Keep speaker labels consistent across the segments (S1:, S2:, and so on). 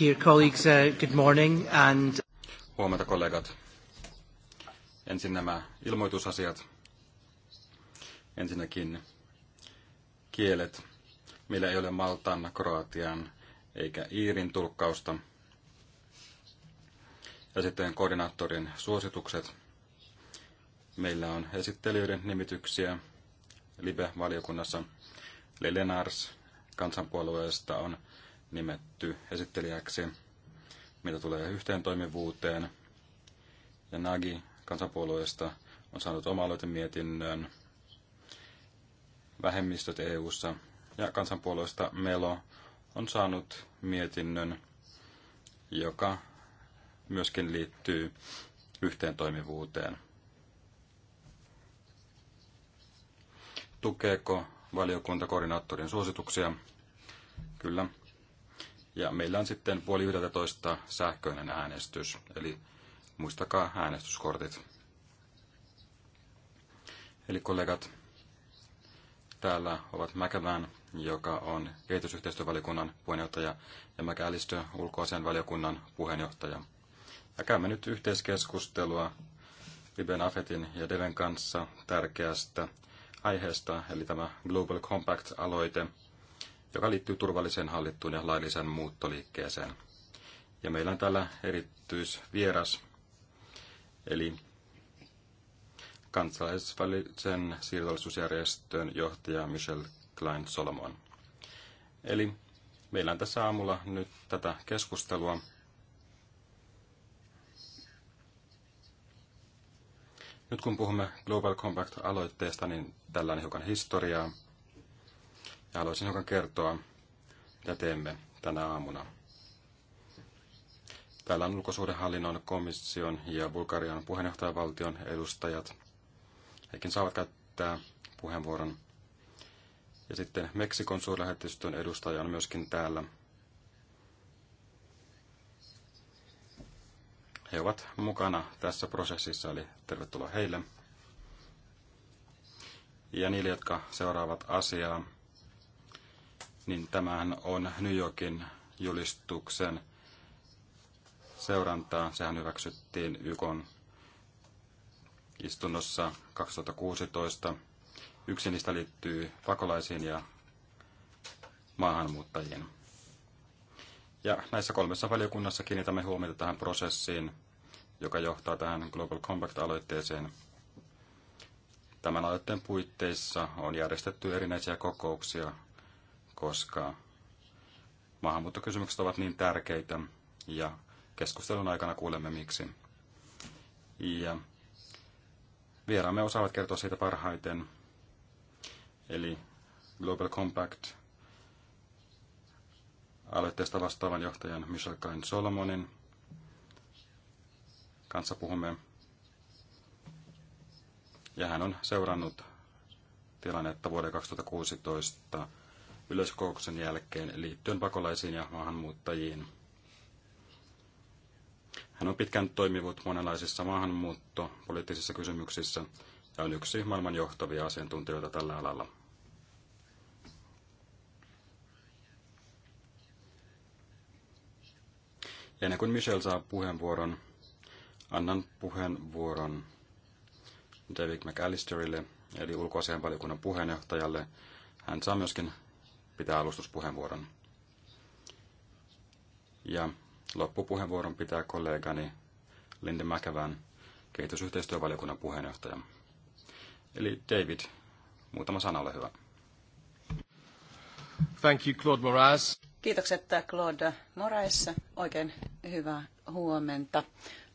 S1: Dear
S2: colleagues, uh, good morning and... Huomenta kollegat. Ensin nämä ilmoitusasiat. Ensinnäkin kielet. Meillä ei ole Maltan, Kroatian eikä Iirin tulkkausta. Ja sitten koordinaattorin suositukset. Meillä on esittelijöiden nimityksiä Libe-valiokunnassa. Lelenars kansanpuolueesta on nimetty esittelijäksi, mitä tulee yhteen toimivuuteen. Ja Nagi kansanpuolueesta on saanut oma mietinnön vähemmistöt EU-ssa. Ja kansanpuolueesta Melo on saanut mietinnön, joka myöskin liittyy yhteen toimivuuteen. Tukeeko valiokunta koordinaattorin suosituksia? Kyllä. Ja meillä on sitten puoli 11 sähköinen äänestys, eli muistakaa äänestyskortit. Eli kollegat, täällä ovat Mäkevään, joka on kehitysyhteistyövaliokunnan puheenjohtaja, ja Mäkälistö, ulkoasian valiokunnan puheenjohtaja. Ja käymme nyt yhteiskeskustelua Liben Afetin ja Deven kanssa tärkeästä aiheesta, eli tämä Global Compact-aloite – joka liittyy turvalliseen hallittuun ja lailliseen muuttoliikkeeseen. Ja meillä on täällä erityisvieras, eli kansalaisvälisen siirtolaisuusjärjestön johtaja Michel Klein Solomon. Eli meillä on tässä aamulla nyt tätä keskustelua. Nyt kun puhumme Global Compact-aloitteesta, niin tällainen hiukan historiaa ja haluaisin hiukan kertoa, mitä teemme tänä aamuna. Täällä on ulkosuhdehallinnon, komission ja Bulgarian puheenjohtajavaltion edustajat. Hekin saavat käyttää puheenvuoron. Ja sitten Meksikon suurlähetystön edustaja on myöskin täällä. He ovat mukana tässä prosessissa, eli tervetuloa heille. Ja niille, jotka seuraavat asiaa niin tämähän on New Yorkin julistuksen seurantaa. Sehän hyväksyttiin ykon istunnossa 2016. Yksi niistä liittyy pakolaisiin ja maahanmuuttajiin. Ja näissä kolmessa valiokunnassa kiinnitämme huomiota tähän prosessiin, joka johtaa tähän Global Compact-aloitteeseen. Tämän aloitteen puitteissa on järjestetty erinäisiä kokouksia koska maahanmuuttokysymykset ovat niin tärkeitä ja keskustelun aikana kuulemme miksi. Ja vieraamme osaavat kertoa siitä parhaiten. Eli Global Compact aloitteesta vastaavan johtajan Michel Kain Solomonin kanssa puhumme. Ja hän on seurannut tilannetta vuoden 2016 yleiskokouksen jälkeen liittyen pakolaisiin ja maahanmuuttajiin. Hän on pitkään toimivut monenlaisissa maahanmuuttopoliittisissa kysymyksissä ja on yksi maailman johtavia asiantuntijoita tällä alalla. Ja ennen kuin Michel saa puheenvuoron, annan puheenvuoron David McAllisterille, eli ulkoasianvaliokunnan puheenjohtajalle. Hän saa myöskin pitää alustuspuheenvuoron. Ja loppupuheenvuoron pitää kollegani Linde Mäkevän, kehitysyhteistyövaliokunnan puheenjohtaja. Eli David, muutama sana, ole hyvä. Thank you, Claude Moraes.
S3: Kiitokset Claude Moraes. Oikein hyvää huomenta,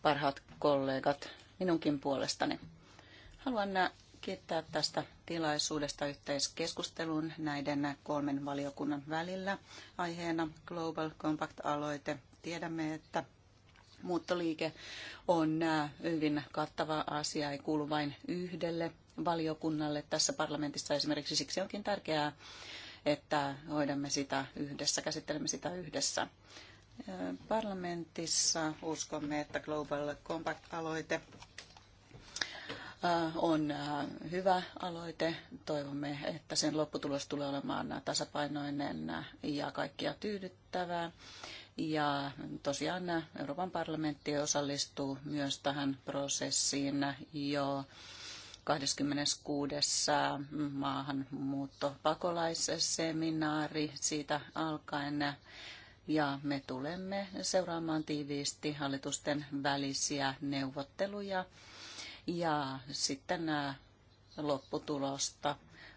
S3: parhaat kollegat minunkin puolestani. Haluan kiittää tästä tilaisuudesta yhteiskeskustelun näiden kolmen valiokunnan välillä. Aiheena Global Compact-aloite. Tiedämme, että muuttoliike on hyvin kattava asia, ei kuulu vain yhdelle valiokunnalle tässä parlamentissa esimerkiksi. Siksi onkin tärkeää, että hoidamme sitä yhdessä, käsittelemme sitä yhdessä. Parlamentissa uskomme, että Global Compact-aloite on hyvä aloite. Toivomme, että sen lopputulos tulee olemaan tasapainoinen ja kaikkia tyydyttävää. Ja tosiaan Euroopan parlamentti osallistuu myös tähän prosessiin jo 26. maahanmuuttopakolaisseminaari siitä alkaen. Ja me tulemme seuraamaan tiiviisti hallitusten välisiä neuvotteluja ja sitten nämä lopputulosta.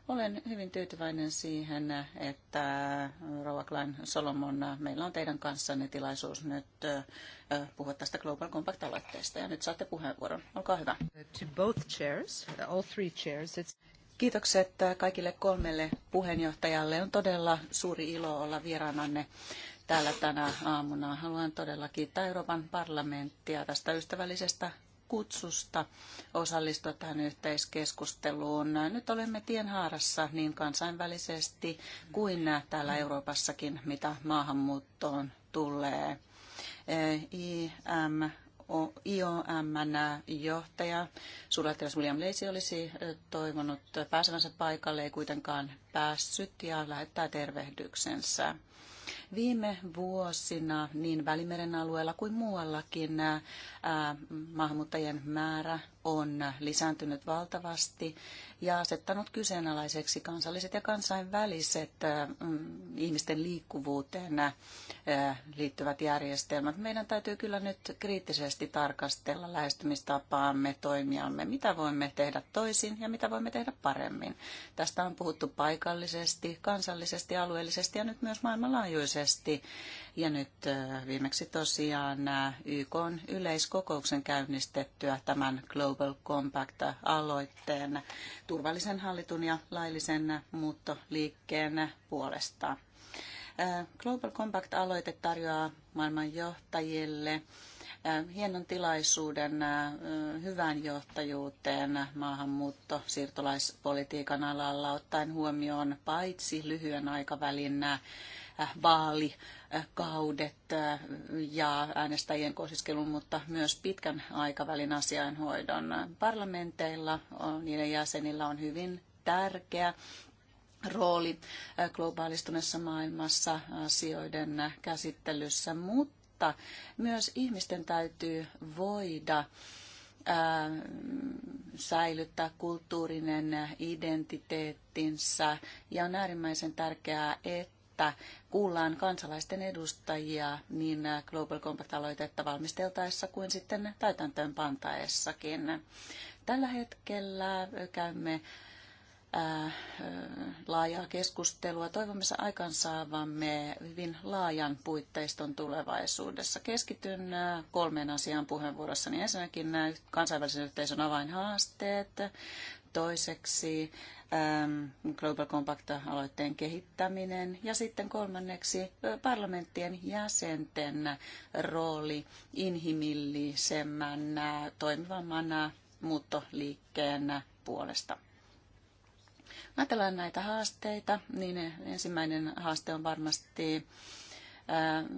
S3: Olen hyvin tyytyväinen siihen, että Rova Klein Solomon, meillä on teidän kanssanne tilaisuus nyt puhua tästä Global Compact-aloitteesta. Ja nyt saatte puheenvuoron. Olkaa hyvä. To both chairs, all three chairs, it's... Kiitokset kaikille kolmelle puheenjohtajalle. On todella suuri ilo olla vieraananne täällä tänä aamuna. Haluan todella kiittää Euroopan parlamenttia tästä ystävällisestä kutsusta osallistua tähän yhteiskeskusteluun. Nyt olemme tienhaarassa niin kansainvälisesti kuin täällä Euroopassakin, mitä maahanmuuttoon tulee. IM IOMn johtaja suurlähettiläs William Leisi olisi toivonut pääsevänsä paikalle, ei kuitenkaan päässyt ja lähettää tervehdyksensä. Viime vuosina niin Välimeren alueella kuin muuallakin maahanmuuttajien määrä on lisääntynyt valtavasti ja asettanut kyseenalaiseksi kansalliset ja kansainväliset mm, ihmisten liikkuvuuteen liittyvät järjestelmät. Meidän täytyy kyllä nyt kriittisesti tarkastella lähestymistapaamme, toimiamme, mitä voimme tehdä toisin ja mitä voimme tehdä paremmin. Tästä on puhuttu paikallisesti, kansallisesti, alueellisesti ja nyt myös maailmanlaajuisesti. Ja nyt viimeksi tosiaan YK yleiskokouksen käynnistettyä tämän Global Global Compact-aloitteen turvallisen hallitun ja laillisen muuttoliikkeen puolesta. Äh, Global Compact-aloite tarjoaa maailman johtajille äh, hienon tilaisuuden äh, hyvään johtajuuteen maahanmuutto siirtolaispolitiikan alalla ottaen huomioon paitsi lyhyen aikavälin Äh, vaalikaudet äh, ja äänestäjien kosiskelun, mutta myös pitkän aikavälin asianhoidon. Parlamenteilla, niiden jäsenillä on hyvin tärkeä rooli äh, globaalistuneessa maailmassa asioiden käsittelyssä, mutta myös ihmisten täytyy voida säilyttää kulttuurinen identiteettinsä ja on äärimmäisen tärkeää, että että kuullaan kansalaisten edustajia niin Global Compact-aloitetta valmisteltaessa kuin sitten täytäntöön pantaessakin. Tällä hetkellä käymme äh, laajaa keskustelua. Toivomme aikaansaavamme hyvin laajan puitteiston tulevaisuudessa. Keskityn äh, kolmeen asiaan puheenvuorossani. Ensinnäkin äh, kansainvälisen yhteisön avainhaasteet, Toiseksi ähm, Global Compact-aloitteen kehittäminen ja sitten kolmanneksi äh, parlamenttien jäsenten rooli inhimillisemmän äh, toimivamman äh, muuttoliikkeen puolesta. Ajatellaan näitä haasteita, niin ensimmäinen haaste on varmasti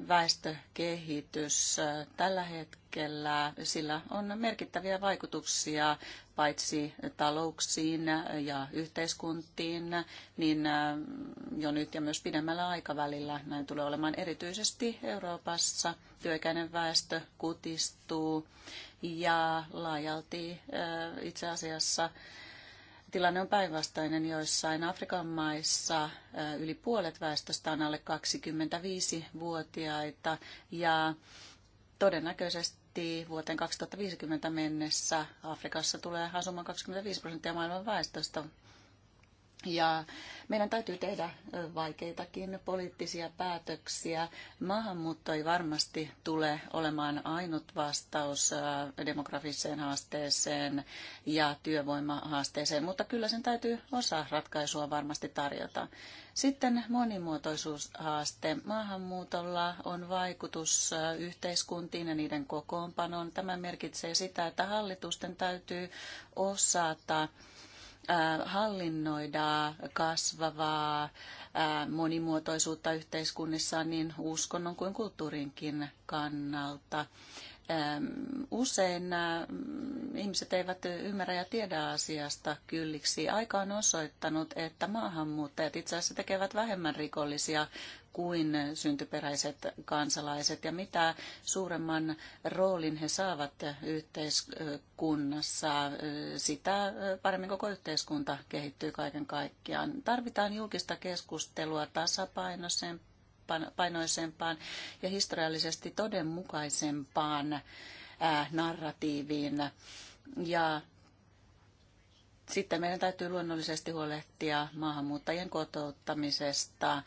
S3: väestökehitys. Tällä hetkellä sillä on merkittäviä vaikutuksia paitsi talouksiin ja yhteiskuntiin, niin äh, jo nyt ja myös pidemmällä aikavälillä näin tulee olemaan erityisesti Euroopassa. Työikäinen väestö kutistuu ja laajalti äh, itse asiassa Tilanne on päinvastainen joissain Afrikan maissa. Äh, yli puolet väestöstä on alle 25-vuotiaita ja todennäköisesti prosentti vuoteen 2050 mennessä. Afrikassa tulee asumaan 25 prosenttia maailman väestöstä. Ja meidän täytyy tehdä vaikeitakin poliittisia päätöksiä. Maahanmuutto ei varmasti tule olemaan ainut vastaus demografiseen haasteeseen ja työvoimahaasteeseen, mutta kyllä sen täytyy osa ratkaisua varmasti tarjota. Sitten monimuotoisuushaaste. Maahanmuutolla on vaikutus yhteiskuntiin ja niiden kokoonpanoon. Tämä merkitsee sitä, että hallitusten täytyy osata hallinnoida kasvavaa monimuotoisuutta yhteiskunnissa niin uskonnon kuin kulttuurinkin kannalta. Usein ihmiset eivät ymmärrä ja tiedä asiasta kylliksi. Aika on osoittanut, että maahanmuuttajat itse asiassa tekevät vähemmän rikollisia kuin syntyperäiset kansalaiset ja mitä suuremman roolin he saavat yhteiskunnassa, sitä paremmin koko yhteiskunta kehittyy kaiken kaikkiaan. Tarvitaan julkista keskustelua tasapainoisempaan ja historiallisesti todenmukaisempaan narratiiviin. Ja sitten meidän täytyy luonnollisesti huolehtia maahanmuuttajien kotouttamisesta. Äh,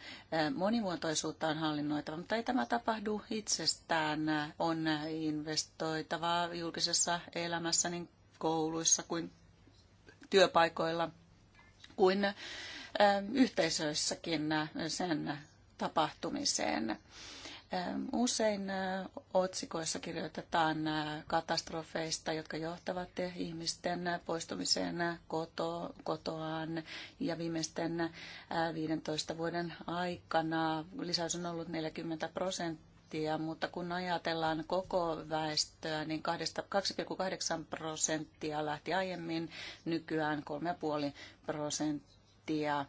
S3: monimuotoisuutta on hallinnoitava, mutta ei tämä tapahdu itsestään. On investoitava julkisessa elämässä niin kouluissa kuin työpaikoilla kuin äh, yhteisöissäkin sen tapahtumiseen. Usein otsikoissa kirjoitetaan katastrofeista, jotka johtavat ihmisten poistumiseen koto, kotoaan ja viimeisten 15 vuoden aikana lisäys on ollut 40 prosenttia, mutta kun ajatellaan koko väestöä, niin 2,8 prosenttia lähti aiemmin, nykyään 3,5 prosenttia prosenttia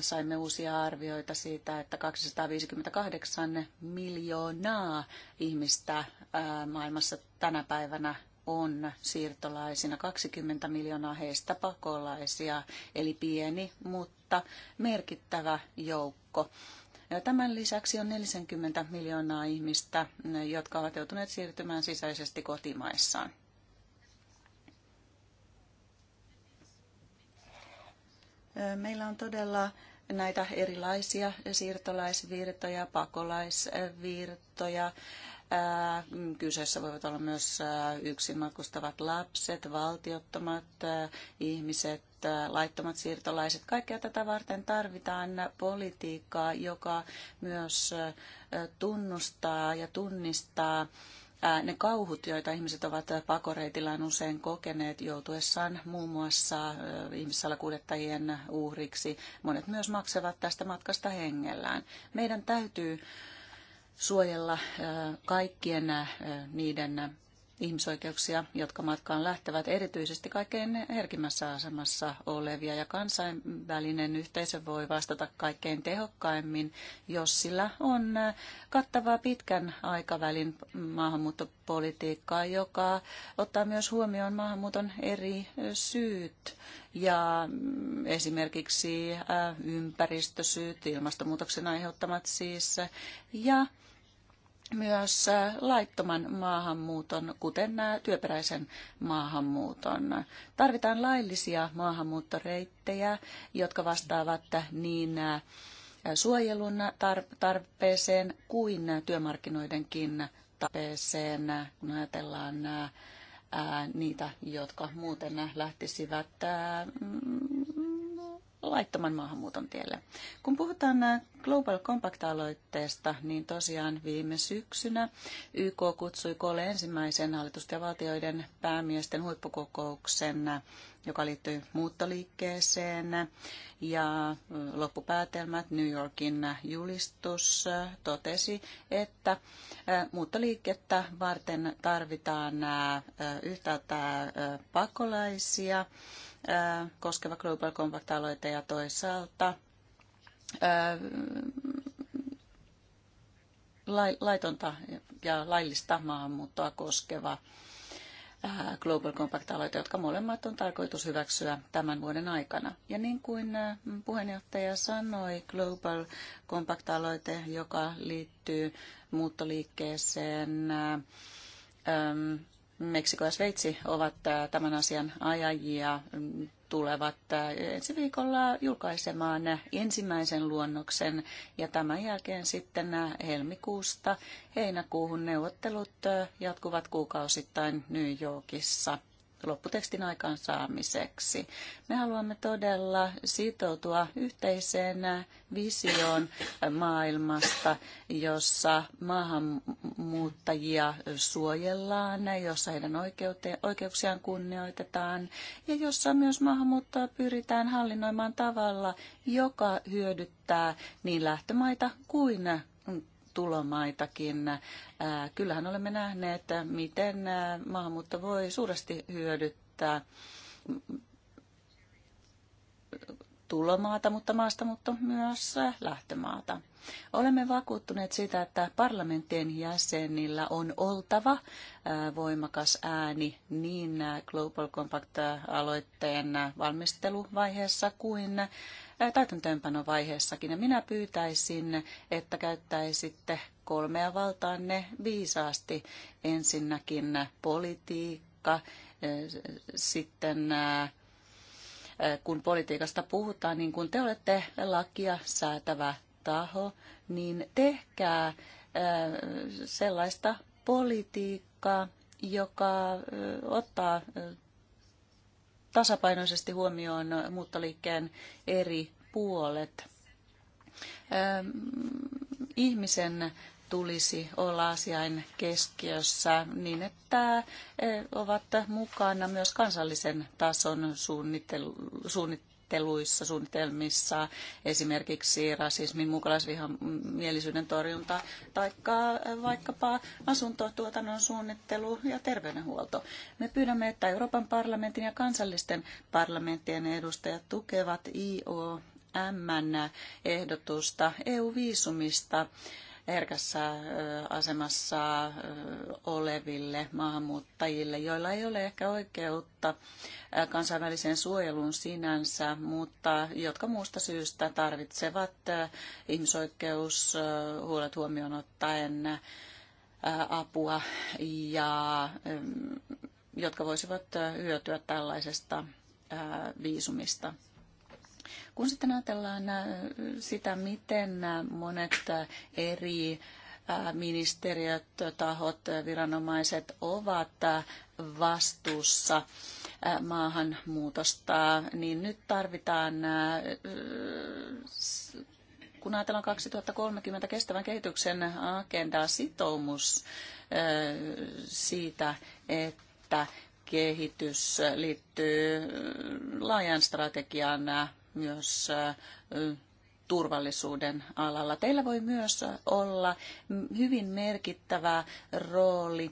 S3: saimme uusia arvioita siitä, että 258 miljoonaa ihmistä maailmassa tänä päivänä on siirtolaisina, 20 miljoonaa heistä pakolaisia, eli pieni, mutta merkittävä joukko. Tämän lisäksi on 40 miljoonaa ihmistä, jotka ovat joutuneet siirtymään sisäisesti kotimaissaan. Meillä on todella näitä erilaisia siirtolaisvirtoja, pakolaisvirtoja. Kyseessä voivat olla myös yksin matkustavat lapset, valtiottomat ihmiset, laittomat siirtolaiset. Kaikkea tätä varten tarvitaan politiikkaa, joka myös tunnustaa ja tunnistaa ne kauhut, joita ihmiset ovat pakoreitillaan usein kokeneet joutuessaan muun muassa ihmissalakuljettajien uhriksi. Monet myös maksavat tästä matkasta hengellään. Meidän täytyy suojella kaikkien niiden ihmisoikeuksia, jotka matkaan lähtevät, erityisesti kaikkein herkimmässä asemassa olevia. Ja kansainvälinen yhteisö voi vastata kaikkein tehokkaimmin, jos sillä on kattavaa pitkän aikavälin maahanmuuttopolitiikkaa, joka ottaa myös huomioon maahanmuuton eri syyt ja esimerkiksi ympäristösyyt, ilmastonmuutoksen aiheuttamat siis, ja myös äh, laittoman maahanmuuton, kuten äh, työperäisen maahanmuuton. Tarvitaan laillisia maahanmuuttoreittejä, jotka vastaavat niin äh, suojelun tarpeeseen kuin työmarkkinoidenkin tarpeeseen, kun ajatellaan niitä, jotka muuten lähtisivät laittoman maahanmuuton tielle. Kun puhutaan äh, Global Compact-aloitteesta, niin tosiaan viime syksynä YK kutsui koolle ensimmäisen hallitusten ja valtioiden päämiesten huippukokouksen, äh, joka liittyy muuttoliikkeeseen. Ja äh, loppupäätelmät New Yorkin julistus totesi, että muuttoliikettä varten tarvitaan yhtäältä pakolaisia, koskeva Global Compact-aloite ja toisaalta laitonta ja laillista maahanmuuttoa koskeva Global Compact-aloite, jotka molemmat on tarkoitus hyväksyä tämän vuoden aikana. Ja niin kuin puheenjohtaja sanoi, Global Compact-aloite, joka liittyy muuttoliikkeeseen, Meksiko ja Sveitsi ovat äh, tämän asian ajajia, mm, tulevat äh, ensi viikolla julkaisemaan ensimmäisen luonnoksen ja tämän jälkeen sitten äh, helmikuusta heinäkuuhun neuvottelut jatkuvat kuukausittain New Yorkissa lopputekstin aikaansaamiseksi. Me haluamme todella sitoutua yhteiseen visioon maailmasta, jossa maahanmuuttajia suojellaan, jossa heidän oikeute- oikeuksiaan kunnioitetaan ja jossa myös maahanmuuttoa pyritään hallinnoimaan tavalla, joka hyödyttää niin lähtömaita kuin tulomaitakin. Kyllähän olemme nähneet, miten maahanmuutto voi suuresti hyödyttää tulomaata, mutta maasta, mutta myös lähtömaata. Olemme vakuuttuneet siitä, että parlamenttien jäsenillä on oltava voimakas ääni niin Global Compact-aloitteen valmisteluvaiheessa kuin täytäntöönpanovaiheessakin. Ja minä pyytäisin, että käyttäisitte kolmea valtaanne viisaasti. Ensinnäkin politiikka, sitten kun politiikasta puhutaan, niin kun te olette lakia säätävä taho, niin tehkää sellaista politiikkaa, joka ottaa tasapainoisesti huomioon muuttoliikkeen eri puolet. Ihmisen tulisi olla asiain keskiössä niin, että ovat mukana myös kansallisen tason suunnittelu, suunnittelu suunnitteluissa, suunnitelmissa, esimerkiksi rasismin, mukalaisvihan, mielisyyden torjunta, tai vaikkapa asuntotuotannon suunnittelu ja terveydenhuolto. Me pyydämme, että Euroopan parlamentin ja kansallisten parlamenttien edustajat tukevat IOM ehdotusta EU-viisumista herkässä asemassa oleville maahanmuuttajille, joilla ei ole ehkä oikeutta kansainväliseen suojeluun sinänsä, mutta jotka muusta syystä tarvitsevat ihmisoikeushuolet huomioon ottaen apua ja jotka voisivat hyötyä tällaisesta viisumista. Kun sitten ajatellaan äh, sitä, miten äh, monet äh, eri ministeriöt, tahot, viranomaiset ovat vastuussa maahanmuutosta, niin nyt tarvitaan, kun ajatellaan 2030 kestävän kehityksen agendaa, sitoumus siitä, että kehitys liittyy laajan strategian myös turvallisuuden alalla. Teillä voi myös olla hyvin merkittävä rooli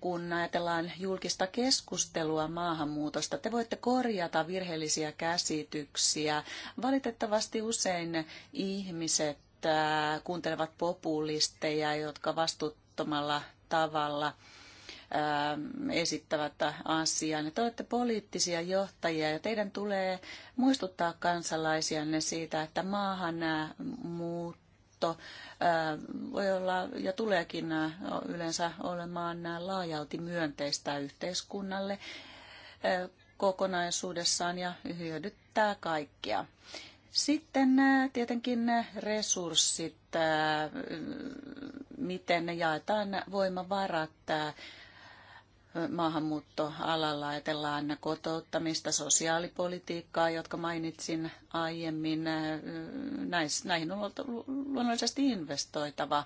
S3: kun ajatellaan julkista keskustelua maahanmuutosta. Te voitte korjata virheellisiä käsityksiä. Valitettavasti usein ihmiset kuuntelevat populisteja, jotka vastuuttomalla tavalla – Ähm, esittävät asian. Te olette poliittisia johtajia ja teidän tulee muistuttaa kansalaisianne siitä, että maahan nämä äh, muut muutto äh, voi olla ja tuleekin äh, yleensä olemaan laajalti myönteistä yhteiskunnalle kokonaisuudessaan ja hyödyttää kaikkia. Sitten tietenkin resurssit, miten ne jaetaan voimavarat maahanmuuttoalalla. Ajatellaan kotouttamista, sosiaalipolitiikkaa, jotka mainitsin aiemmin. Näihin on luonnollisesti investoitava.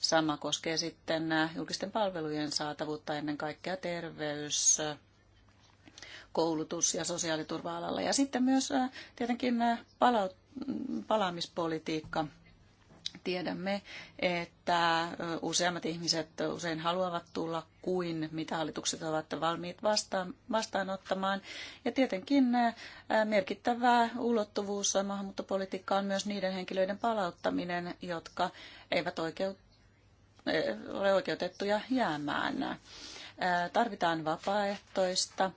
S3: Sama koskee sitten julkisten palvelujen saatavuutta ennen kaikkea terveys, koulutus- ja sosiaaliturva-alalla. Ja sitten myös tietenkin palaut- palaamispolitiikka tiedämme, että useammat ihmiset usein haluavat tulla kuin mitä hallitukset ovat valmiit vastaanottamaan. Ja tietenkin merkittävä ulottuvuus maahanmuuttopolitiikka on myös niiden henkilöiden palauttaminen, jotka eivät oikeut, ole oikeutettuja jäämään. Tarvitaan vapaaehtoista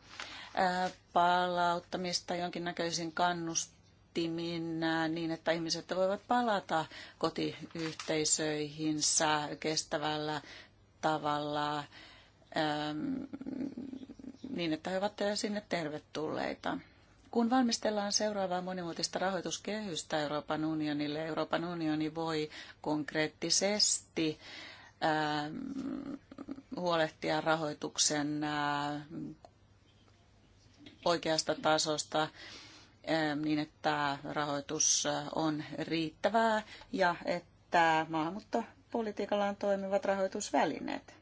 S3: palauttamista jonkinnäköisin kannust kannattimin niin, että ihmiset voivat palata kotiyhteisöihinsä kestävällä tavalla ähm, niin, että he ovat sinne tervetulleita. Kun valmistellaan seuraavaa monimuotista rahoituskehystä Euroopan unionille, Euroopan unioni voi konkreettisesti ähm, huolehtia rahoituksen äh, oikeasta tasosta niin, että rahoitus on riittävää ja että maahanmuuttopolitiikalla on toimivat rahoitusvälineet.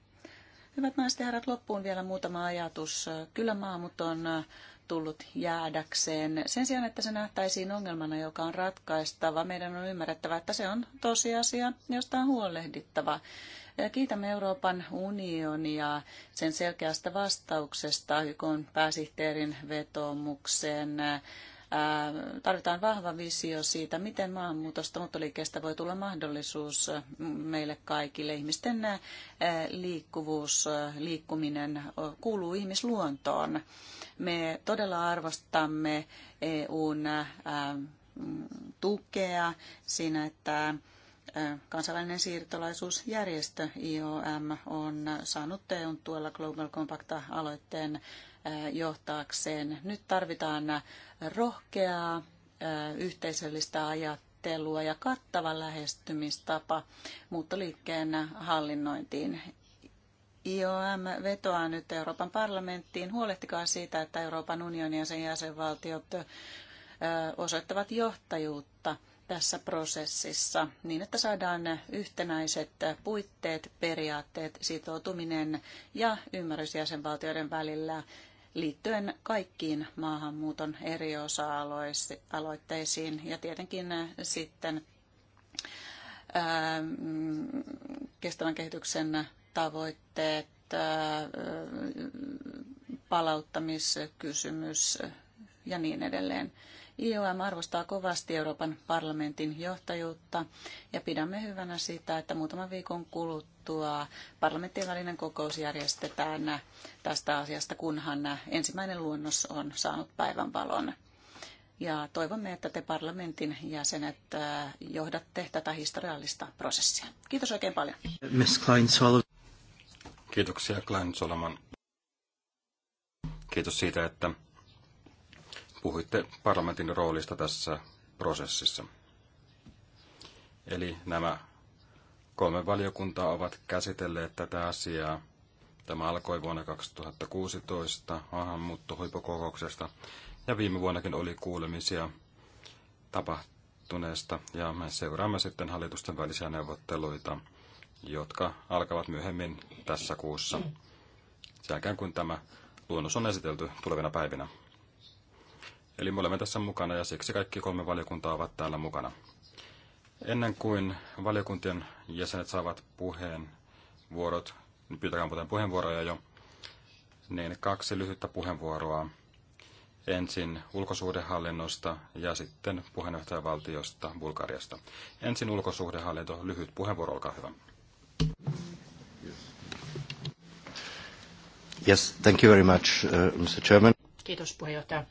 S3: Hyvät naiset ja herrat, loppuun vielä muutama ajatus. Kyllä maamut on tullut jäädäkseen. Sen sijaan, että se nähtäisiin ongelmana, joka on ratkaistava, meidän on ymmärrettävä, että se on tosiasia, josta on huolehdittava. Kiitämme Euroopan unionia sen selkeästä vastauksesta YK pääsihteerin vetoomukseen Tarvitaan vahva visio siitä, miten maahanmuutosta muuttoliikkeestä voi tulla mahdollisuus meille kaikille. Ihmisten liikkuvuus, liikkuminen kuuluu ihmisluontoon. Me todella arvostamme EUn tukea siinä, että Kansainvälinen siirtolaisuusjärjestö IOM on saanut EUn tuolla Global Compact-aloitteen Eh, johtaakseen. Nyt tarvitaan rohkeaa eh, yhteisöllistä ajattelua ja kattava lähestymistapa muuttoliikkeen hallinnointiin. IOM vetoaa nyt Euroopan parlamenttiin. Huolehtikaa siitä, että Euroopan unioni ja sen jäsenvaltiot eh, osoittavat johtajuutta tässä prosessissa niin, että saadaan yhtenäiset puitteet, periaatteet, sitoutuminen ja ymmärrys jäsenvaltioiden välillä liittyen kaikkiin maahanmuuton eri osa-aloitteisiin ja tietenkin äh, sitten ähm, kestävän kehityksen tavoitteet, äh, palauttamiskysymys ja niin edelleen. IOM arvostaa kovasti Euroopan parlamentin johtajuutta ja pidämme hyvänä sitä, että muutaman viikon kuluttua parlamentin välinen kokous järjestetään tästä asiasta, kunhan ensimmäinen luonnos on saanut valon. Ja toivomme, että te parlamentin jäsenet äh, johdatte tätä historiallista prosessia. Kiitos oikein paljon. Miss
S2: Klein Kiitoksia Klein Solomon. Kiitos siitä, että puhuitte parlamentin roolista tässä prosessissa. Eli nämä kolme valiokuntaa ovat käsitelleet tätä asiaa. Tämä alkoi vuonna 2016 maahanmuuttohuippukokouksesta ja viime vuonnakin oli kuulemisia tapahtuneesta ja me seuraamme sitten hallitusten välisiä neuvotteluita, jotka alkavat myöhemmin tässä kuussa. Sen jälkeen kun tämä luonnos on esitelty tulevina päivinä. Eli me olemme tässä mukana ja siksi kaikki kolme valiokuntaa ovat täällä mukana. Ennen kuin valiokuntien jäsenet saavat puheenvuorot, niin pyytäkään muuten puheenvuoroja jo, niin kaksi lyhyttä puheenvuoroa. Ensin ulkosuhdehallinnosta ja sitten puheenjohtajavaltiosta Bulgariasta. Ensin ulkosuhdehallinto, lyhyt puheenvuoro, olkaa hyvä.
S1: Yes, thank you very much, uh, Mr. Chairman. Kiitos puheenjohtaja.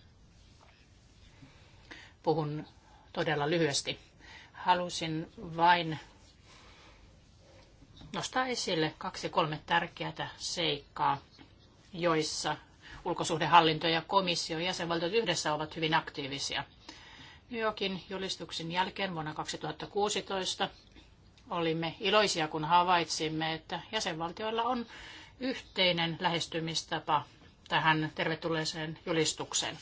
S1: Puhun todella lyhyesti. Halusin vain nostaa esille kaksi kolme tärkeää seikkaa, joissa ulkosuhdehallinto ja komissio ja jäsenvaltiot yhdessä ovat hyvin aktiivisia. New Yorkin julistuksen jälkeen vuonna 2016 olimme iloisia, kun havaitsimme, että jäsenvaltioilla on yhteinen lähestymistapa tähän tervetulleeseen julistukseen.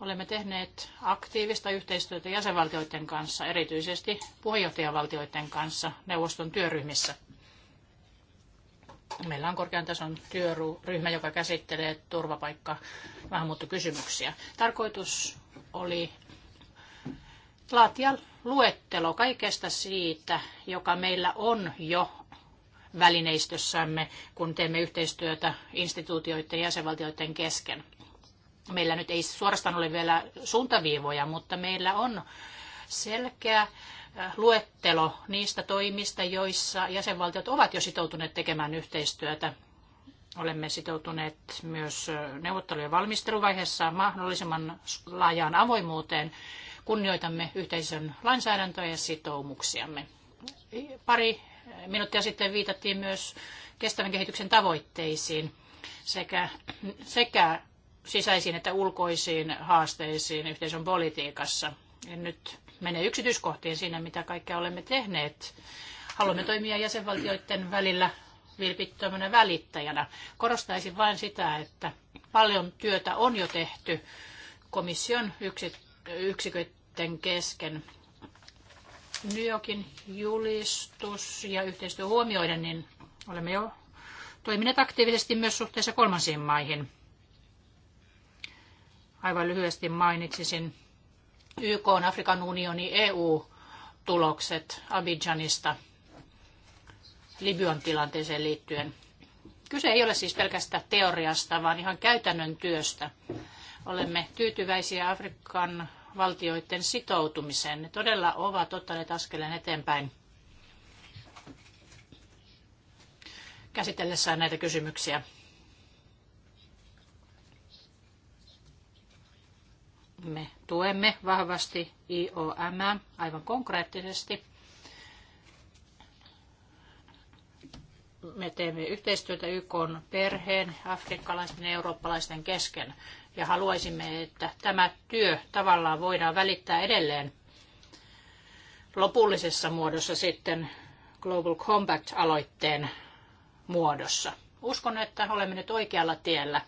S1: Olemme tehneet aktiivista yhteistyötä jäsenvaltioiden kanssa, erityisesti puheenjohtajavaltioiden kanssa neuvoston työryhmissä. Meillä on korkean tason työryhmä, joka käsittelee turvapaikka- ja maahanmuuttokysymyksiä. Tarkoitus oli laatia luettelo kaikesta siitä, joka meillä on jo välineistössämme, kun teemme yhteistyötä instituutioiden ja jäsenvaltioiden kesken. Meillä nyt ei suorastaan ole vielä suuntaviivoja, mutta meillä on selkeä äh, luettelo niistä toimista, joissa jäsenvaltiot ovat jo sitoutuneet tekemään yhteistyötä. Olemme sitoutuneet myös äh, neuvottelujen valmisteluvaiheessa mahdollisimman laajaan avoimuuteen. Kunnioitamme yhteisön lainsäädäntöä ja sitoumuksiamme. Pari minuuttia sitten viitattiin myös kestävän kehityksen tavoitteisiin sekä, sekä sisäisiin että ulkoisiin haasteisiin yhteisön politiikassa. En nyt mene yksityiskohtiin siinä, mitä kaikkea olemme tehneet. Haluamme toimia jäsenvaltioiden välillä vilpittömänä välittäjänä. Korostaisin vain sitä, että paljon työtä on jo tehty komission yksiköiden kesken. New Yorkin julistus ja yhteistyö huomioiden, niin olemme jo toimineet aktiivisesti myös suhteessa kolmansiin maihin aivan lyhyesti mainitsisin YK, on Afrikan unioni, EU-tulokset Abidjanista Libyan tilanteeseen liittyen. Kyse ei ole siis pelkästä teoriasta, vaan ihan käytännön työstä. Olemme tyytyväisiä Afrikan valtioiden sitoutumiseen. Ne todella ovat ottaneet askeleen eteenpäin käsitellessään näitä kysymyksiä. Me tuemme vahvasti IOM aivan konkreettisesti. Me teemme yhteistyötä YK perheen, afrikkalaisten ja eurooppalaisten kesken ja haluaisimme, että tämä työ tavallaan voidaan välittää edelleen lopullisessa muodossa sitten Global Compact-aloitteen muodossa. Uskon, että olemme nyt oikealla tiellä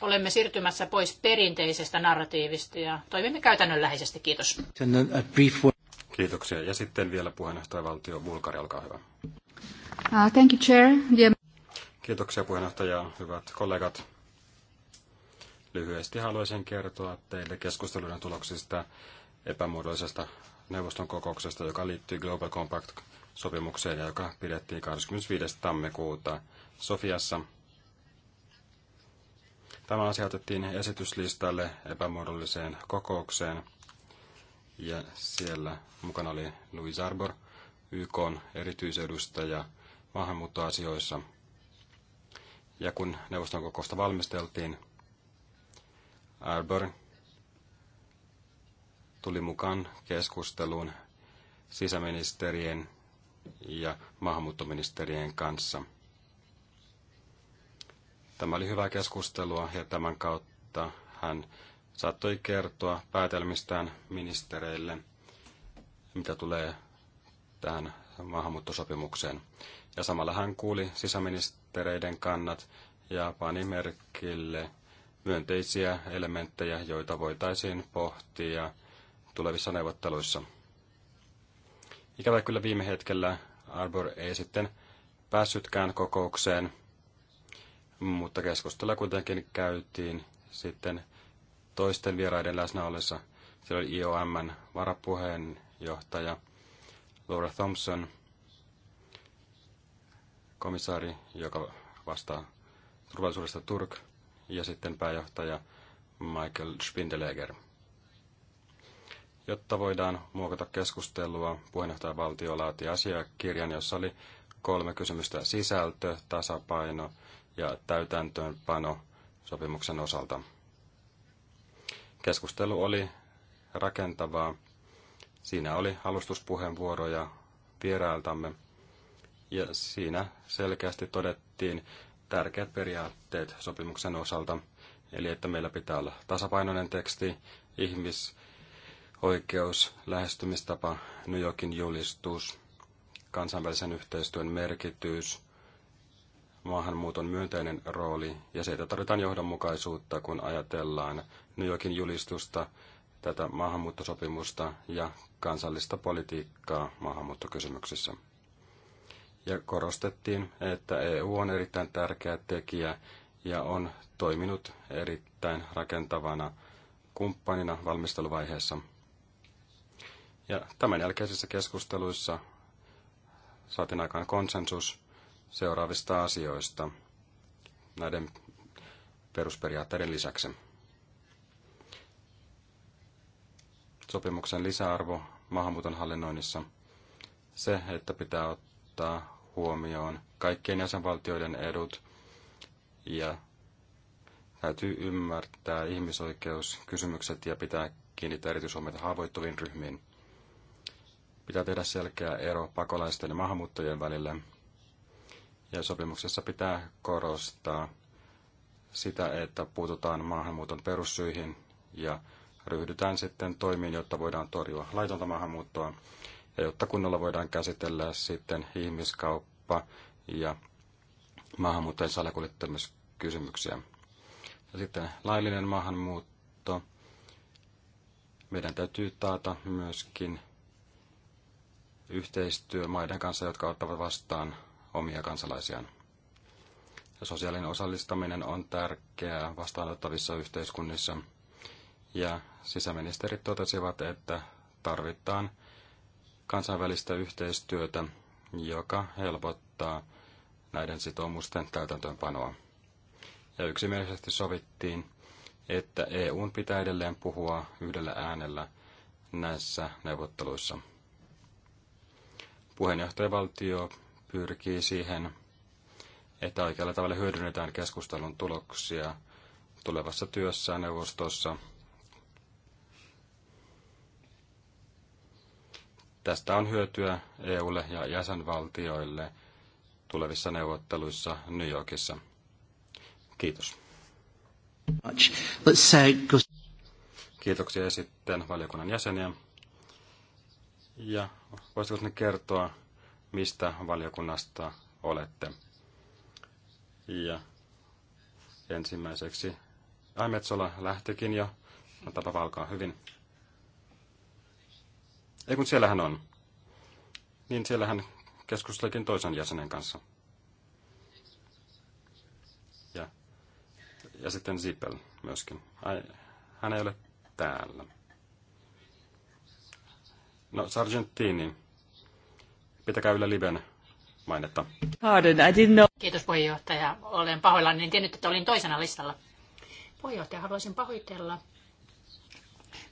S1: olemme siirtymässä pois perinteisestä narratiivista ja toimimme käytännönläheisesti. Kiitos.
S2: Kiitoksia. Ja sitten vielä puheenjohtajavaltio Bulgaria, olkaa hyvä.
S3: Uh, thank you, Chair. Yeah.
S2: Kiitoksia puheenjohtaja, hyvät kollegat. Lyhyesti haluaisin kertoa teille keskustelujen tuloksista epämuodollisesta neuvoston kokouksesta, joka liittyy Global Compact-sopimukseen ja joka pidettiin 25. tammikuuta Sofiassa – Tämä asia otettiin esityslistalle epämuodolliseen kokoukseen ja siellä mukana oli Louis Arbor, YK erityisedustaja maahanmuuttoasioissa. Ja kun neuvoston kokousta valmisteltiin, Arbor tuli mukaan keskusteluun sisäministerien ja maahanmuuttoministerien kanssa – Tämä oli hyvää keskustelua ja tämän kautta hän saattoi kertoa päätelmistään ministereille, mitä tulee tähän maahanmuuttosopimukseen. Ja samalla hän kuuli sisäministereiden kannat ja pani merkille myönteisiä elementtejä, joita voitaisiin pohtia tulevissa neuvotteluissa. Ikävä kyllä viime hetkellä Arbor ei sitten päässytkään kokoukseen – mutta keskustella kuitenkin käytiin sitten toisten vieraiden läsnä ollessa. Siellä oli IOMn varapuheenjohtaja Laura Thompson, komissaari, joka vastaa turvallisuudesta Turk, ja sitten pääjohtaja Michael Spindeleger. Jotta voidaan muokata keskustelua, valtio laati asiakirjan, jossa oli kolme kysymystä. Sisältö, tasapaino ja täytäntöönpano sopimuksen osalta. Keskustelu oli rakentavaa. Siinä oli alustuspuheenvuoroja vierailtamme ja siinä selkeästi todettiin tärkeät periaatteet sopimuksen osalta, eli että meillä pitää olla tasapainoinen teksti, oikeus, lähestymistapa, New Yorkin julistus, kansainvälisen yhteistyön merkitys, maahanmuuton myönteinen rooli ja se, että tarvitaan johdonmukaisuutta, kun ajatellaan New Yorkin julistusta, tätä maahanmuuttosopimusta ja kansallista politiikkaa maahanmuuttokysymyksissä. Ja korostettiin, että EU on erittäin tärkeä tekijä ja on toiminut erittäin rakentavana kumppanina valmisteluvaiheessa. Ja tämän jälkeisissä keskusteluissa saatiin aikaan konsensus – seuraavista asioista näiden perusperiaatteiden lisäksi. Sopimuksen lisäarvo maahanmuuton hallinnoinnissa se, että pitää ottaa huomioon kaikkien jäsenvaltioiden edut ja täytyy ymmärtää ihmisoikeuskysymykset ja pitää kiinnittää erityishuomiota haavoittuviin ryhmiin. Pitää tehdä selkeä ero pakolaisten ja maahanmuuttajien välillä ja sopimuksessa pitää korostaa sitä, että puututaan maahanmuuton perussyihin ja ryhdytään sitten toimiin, jotta voidaan torjua laitonta maahanmuuttoa ja jotta kunnolla voidaan käsitellä sitten ihmiskauppa ja maahanmuuttajien salakuljettamiskysymyksiä. Ja sitten laillinen maahanmuutto. Meidän täytyy taata myöskin yhteistyö maiden kanssa, jotka ottavat vastaan omia kansalaisiaan. Ja sosiaalinen osallistaminen on tärkeää vastaanottavissa yhteiskunnissa, ja sisäministerit totesivat, että tarvitaan kansainvälistä yhteistyötä, joka helpottaa näiden sitoumusten täytäntöönpanoa. Ja yksimielisesti sovittiin, että EUn pitää edelleen puhua yhdellä äänellä näissä neuvotteluissa. Puheenjohtajavaltio pyrkii siihen, että oikealla tavalla hyödynnetään keskustelun tuloksia tulevassa työssä neuvostossa. Tästä on hyötyä EUlle ja jäsenvaltioille tulevissa neuvotteluissa New Yorkissa. Kiitos. Kiitoksia sitten valiokunnan jäseniä. Ja voisitko ne kertoa mistä valiokunnasta olette. Ja ensimmäiseksi Aimetsola lähtikin ja no, tapa hyvin. Ei kun siellä hän on. Niin siellä hän keskustelikin toisen jäsenen kanssa. Ja, ja sitten Zippel myöskin. Ai, hän ei ole täällä. No, Sargentini pitäkää yllä liven mainetta.
S1: Pardon, I didn't know. Kiitos puheenjohtaja. Olen pahoillani, en tiennyt, että olin toisena listalla. Puheenjohtaja, haluaisin pahoitella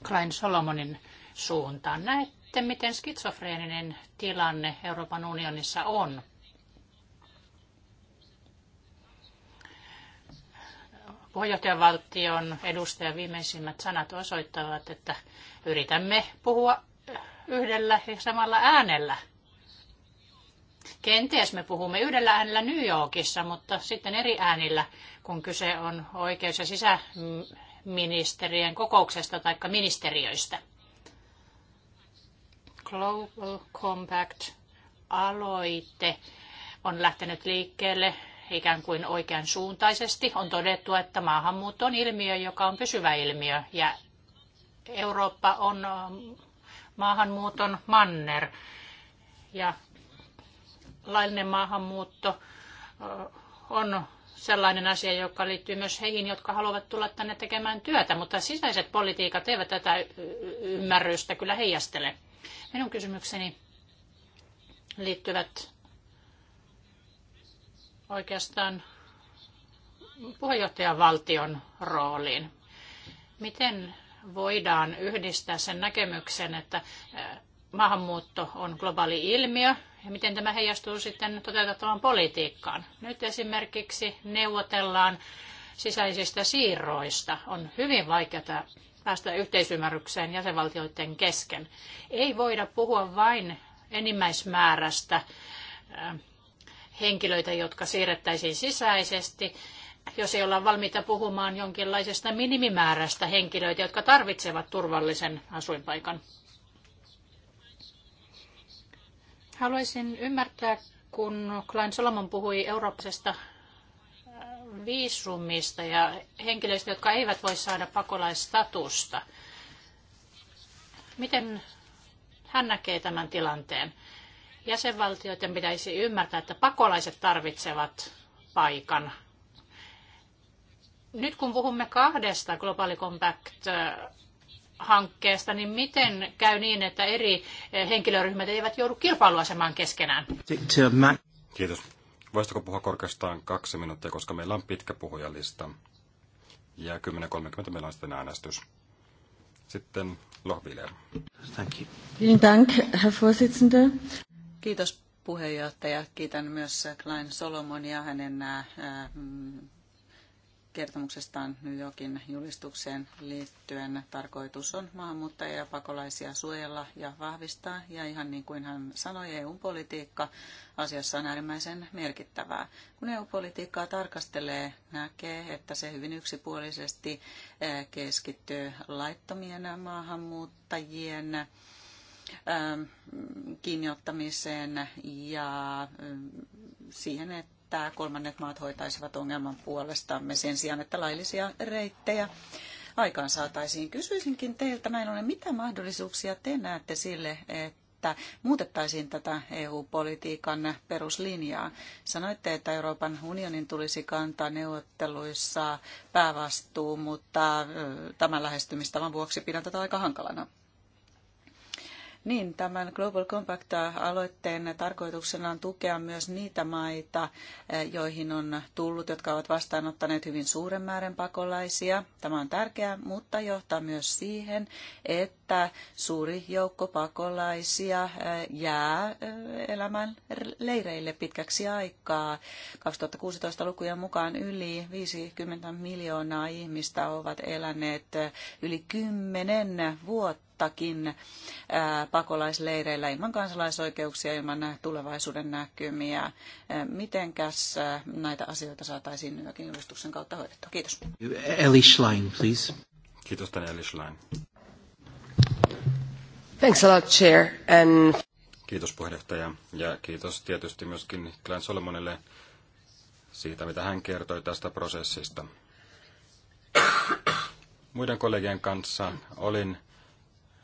S1: Klein Solomonin suuntaan. Näette, miten skitsofreeninen tilanne Euroopan unionissa on. Puheenjohtajavaltion edustajan viimeisimmät sanat osoittavat, että yritämme puhua yhdellä ja samalla äänellä – Kenties me puhumme yhdellä äänellä New Yorkissa, mutta sitten eri äänillä, kun kyse on oikeus- ja sisäministerien kokouksesta tai ministeriöistä. Global Compact-aloite on lähtenyt liikkeelle ikään kuin oikean suuntaisesti. On todettu, että maahanmuutto on ilmiö, joka on pysyvä ilmiö ja Eurooppa on ähm, maahanmuuton manner. Ja laillinen maahanmuutto on sellainen asia, joka liittyy myös heihin, jotka haluavat tulla tänne tekemään työtä, mutta sisäiset politiikat eivät tätä ymmärrystä kyllä heijastele. Minun kysymykseni liittyvät oikeastaan valtion rooliin. Miten voidaan yhdistää sen näkemyksen, että maahanmuutto on globaali ilmiö ja miten tämä heijastuu sitten toteutettavaan politiikkaan. Nyt esimerkiksi neuvotellaan sisäisistä siirroista. On hyvin vaikeaa päästä yhteisymmärrykseen jäsenvaltioiden kesken. Ei voida puhua vain enimmäismäärästä äh, henkilöitä, jotka siirrettäisiin sisäisesti, jos ei olla valmiita puhumaan jonkinlaisesta minimimäärästä henkilöitä, jotka tarvitsevat turvallisen asuinpaikan. Haluaisin ymmärtää, kun Klein Solomon puhui eurooppisesta äh, viisumista ja henkilöistä, jotka eivät voi saada pakolaistatusta. Miten hän näkee tämän tilanteen? Jäsenvaltioiden pitäisi ymmärtää, että pakolaiset tarvitsevat paikan. Nyt kun puhumme kahdesta Global Compact äh, hankkeesta, niin miten käy niin, että eri eh, henkilöryhmät eivät joudu kilpailuasemaan keskenään?
S2: Kiitos. Voisitko puhua korkeastaan kaksi minuuttia, koska meillä on pitkä puhujalista. Ja 10.30 meillä on sitten äänestys. Sitten Lohbiler. Thank
S3: you. Dank, Herr Vorsitzender. Kiitos puheenjohtaja. Kiitän myös Klein Solomonia hänen äh, äh, kertomuksestaan New Yorkin julistukseen liittyen tarkoitus on maahanmuuttajia ja pakolaisia suojella ja vahvistaa. Ja ihan niin kuin hän sanoi, EU-politiikka asiassa on äärimmäisen merkittävää. Kun EU-politiikkaa tarkastelee, näkee, että se hyvin yksipuolisesti eh, keskittyy laittomien maahanmuuttajien eh, kiinniottamiseen ja mm, siihen, että että kolmannet maat hoitaisivat ongelman puolestamme sen sijaan, että laillisia reittejä aikaan saataisiin. Kysyisinkin teiltä näin ollen, mitä mahdollisuuksia te näette sille, että muutettaisiin tätä EU-politiikan peruslinjaa? Sanoitte, että Euroopan unionin tulisi kantaa neuvotteluissa päävastuu, mutta tämän lähestymistavan vuoksi pidän tätä aika hankalana. Niin, tämän Global Compact-aloitteen tarkoituksena on tukea myös niitä maita, eh, joihin on tullut, jotka ovat vastaanottaneet hyvin suuren määrän pakolaisia. Tämä on tärkeää, mutta johtaa myös siihen, että suuri joukko pakolaisia eh, jää eh, elämään leireille pitkäksi aikaa. 2016 lukujen mukaan yli 50 miljoonaa ihmistä ovat eläneet yli 10 vuotta kuuttakin pakolaisleireillä ilman kansalaisoikeuksia, ilman tulevaisuuden näkymiä. Mitenkäs näitä asioita saataisiin nyökin julistuksen kautta hoidettua? Kiitos.
S2: Eli Schlein, please. Kiitos tänne Eli Schlein.
S1: Thanks a lot, Chair. And...
S2: Kiitos puheenjohtaja ja kiitos tietysti myöskin Glenn Solomonille siitä, mitä hän kertoi tästä prosessista. Muiden kollegien kanssa olin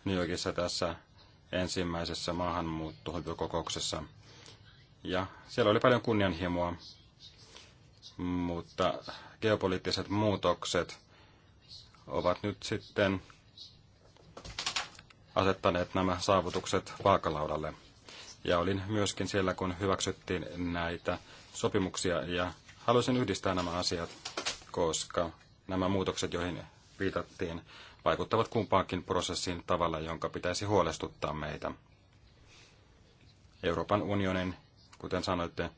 S2: New Yorkissa tässä ensimmäisessä maahanmuuttohyppykokouksessa. Ja siellä oli paljon kunnianhimoa, mutta geopoliittiset muutokset ovat nyt sitten asettaneet nämä saavutukset vaakalaudalle. Ja olin myöskin siellä, kun hyväksyttiin näitä sopimuksia ja halusin yhdistää nämä asiat, koska nämä muutokset, joihin viitattiin vaikuttavat kumpaankin prosessiin tavalla, jonka pitäisi huolestuttaa meitä. Euroopan unionin, kuten sanoitte,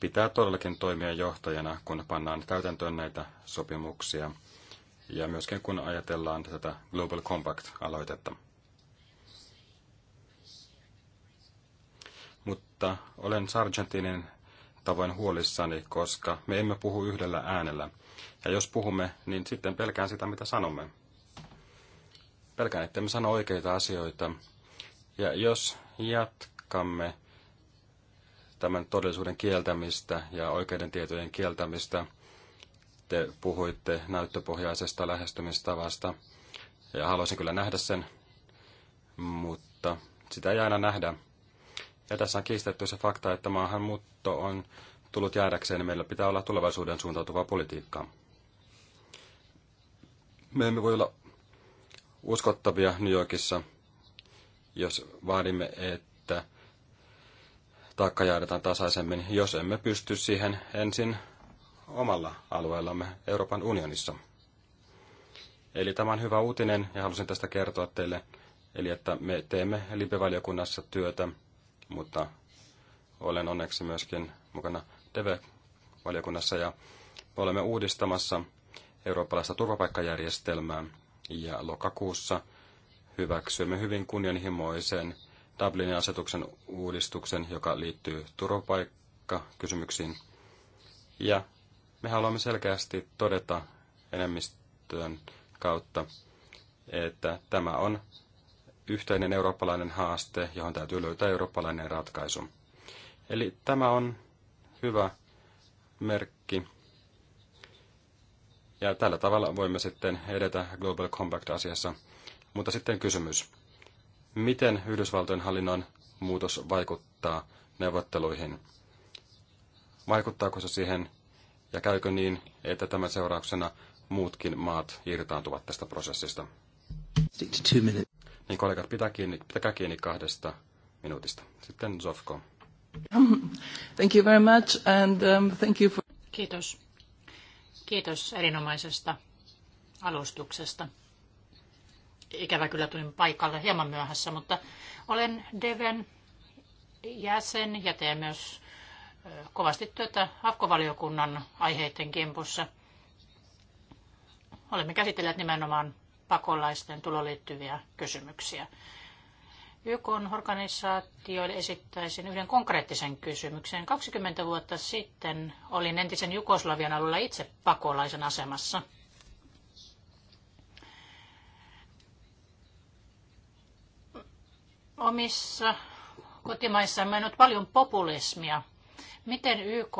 S2: pitää todellakin toimia johtajana, kun pannaan täytäntöön näitä sopimuksia ja myöskin kun ajatellaan tätä Global Compact-aloitetta. Mutta olen Sargentinin tavoin huolissani, koska me emme puhu yhdellä äänellä. Ja jos puhumme, niin sitten pelkään sitä, mitä sanomme. Pelkään, että me sano oikeita asioita. Ja jos jatkamme tämän todellisuuden kieltämistä ja oikeiden tietojen kieltämistä, te puhuitte näyttöpohjaisesta lähestymistavasta. Ja haluaisin kyllä nähdä sen, mutta sitä ei aina nähdä. Ja tässä on kiistetty se fakta, että maahanmuutto on tullut jäädäkseen, niin meillä pitää olla tulevaisuuden suuntautuvaa politiikkaa. Me emme voi olla uskottavia New Yorkissa, jos vaadimme, että taakka jaetaan tasaisemmin, jos emme pysty siihen ensin omalla alueellamme Euroopan unionissa. Eli tämä on hyvä uutinen ja halusin tästä kertoa teille. Eli että me teemme lipevaliokunnassa työtä, mutta olen onneksi myöskin mukana tv valiokunnassa ja olemme uudistamassa eurooppalaista turvapaikkajärjestelmää ja lokakuussa hyväksyimme hyvin kunnianhimoisen Dublinin asetuksen uudistuksen, joka liittyy turvapaikkakysymyksiin. Ja me haluamme selkeästi todeta enemmistön kautta, että tämä on yhteinen eurooppalainen haaste, johon täytyy löytää eurooppalainen ratkaisu. Eli tämä on hyvä merkki ja tällä tavalla voimme sitten edetä Global Compact-asiassa. Mutta sitten kysymys. Miten Yhdysvaltojen hallinnon muutos vaikuttaa neuvotteluihin? Vaikuttaako se siihen ja käykö niin, että tämän seurauksena muutkin maat irtaantuvat tästä prosessista? Niin kollegat, pitää kiinni, pitäkää kiinni kahdesta minuutista. Sitten Zofko.
S3: Thank you very much and um, thank you for... Kiitos.
S1: Kiitos erinomaisesta alustuksesta. Ikävä kyllä tulin paikalle hieman myöhässä, mutta olen Deven jäsen ja teen myös kovasti työtä Afkovaliokunnan aiheiden kimpussa. Olemme käsitelleet nimenomaan pakolaisten tuloliittyviä kysymyksiä. YKn organisaatioille esittäisin yhden konkreettisen kysymyksen. 20 vuotta sitten olin entisen Jugoslavian alueella itse pakolaisen asemassa. Omissa kotimaissa on mennyt paljon populismia. Miten YK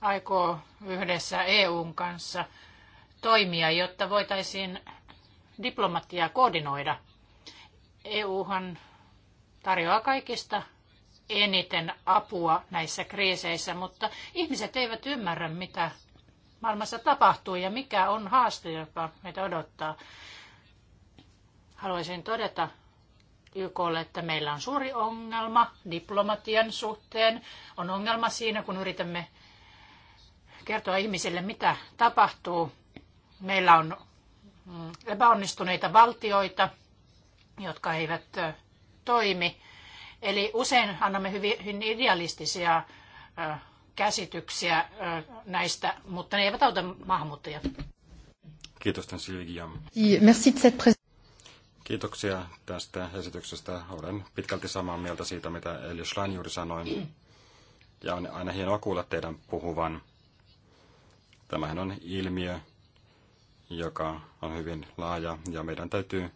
S1: aikoo yhdessä EUn kanssa toimia, jotta voitaisiin diplomatiaa koordinoida – EUhan tarjoaa kaikista eniten apua näissä kriiseissä, mutta ihmiset eivät ymmärrä, mitä maailmassa tapahtuu ja mikä on haaste, joka meitä odottaa. Haluaisin todeta YKlle, että meillä on suuri ongelma diplomatian suhteen. On ongelma siinä, kun yritämme kertoa ihmisille, mitä tapahtuu. Meillä on mm, epäonnistuneita valtioita, jotka eivät toimi. Eli usein annamme hyvin idealistisia käsityksiä näistä, mutta ne eivät auta maahanmuuttajia.
S2: Kiitos tämän Silvia. Kiitoksia tästä esityksestä. Olen pitkälti samaa mieltä siitä, mitä Elio Schlein juuri sanoi. Ja on aina hienoa kuulla teidän puhuvan. Tämähän on ilmiö, joka on hyvin laaja ja meidän täytyy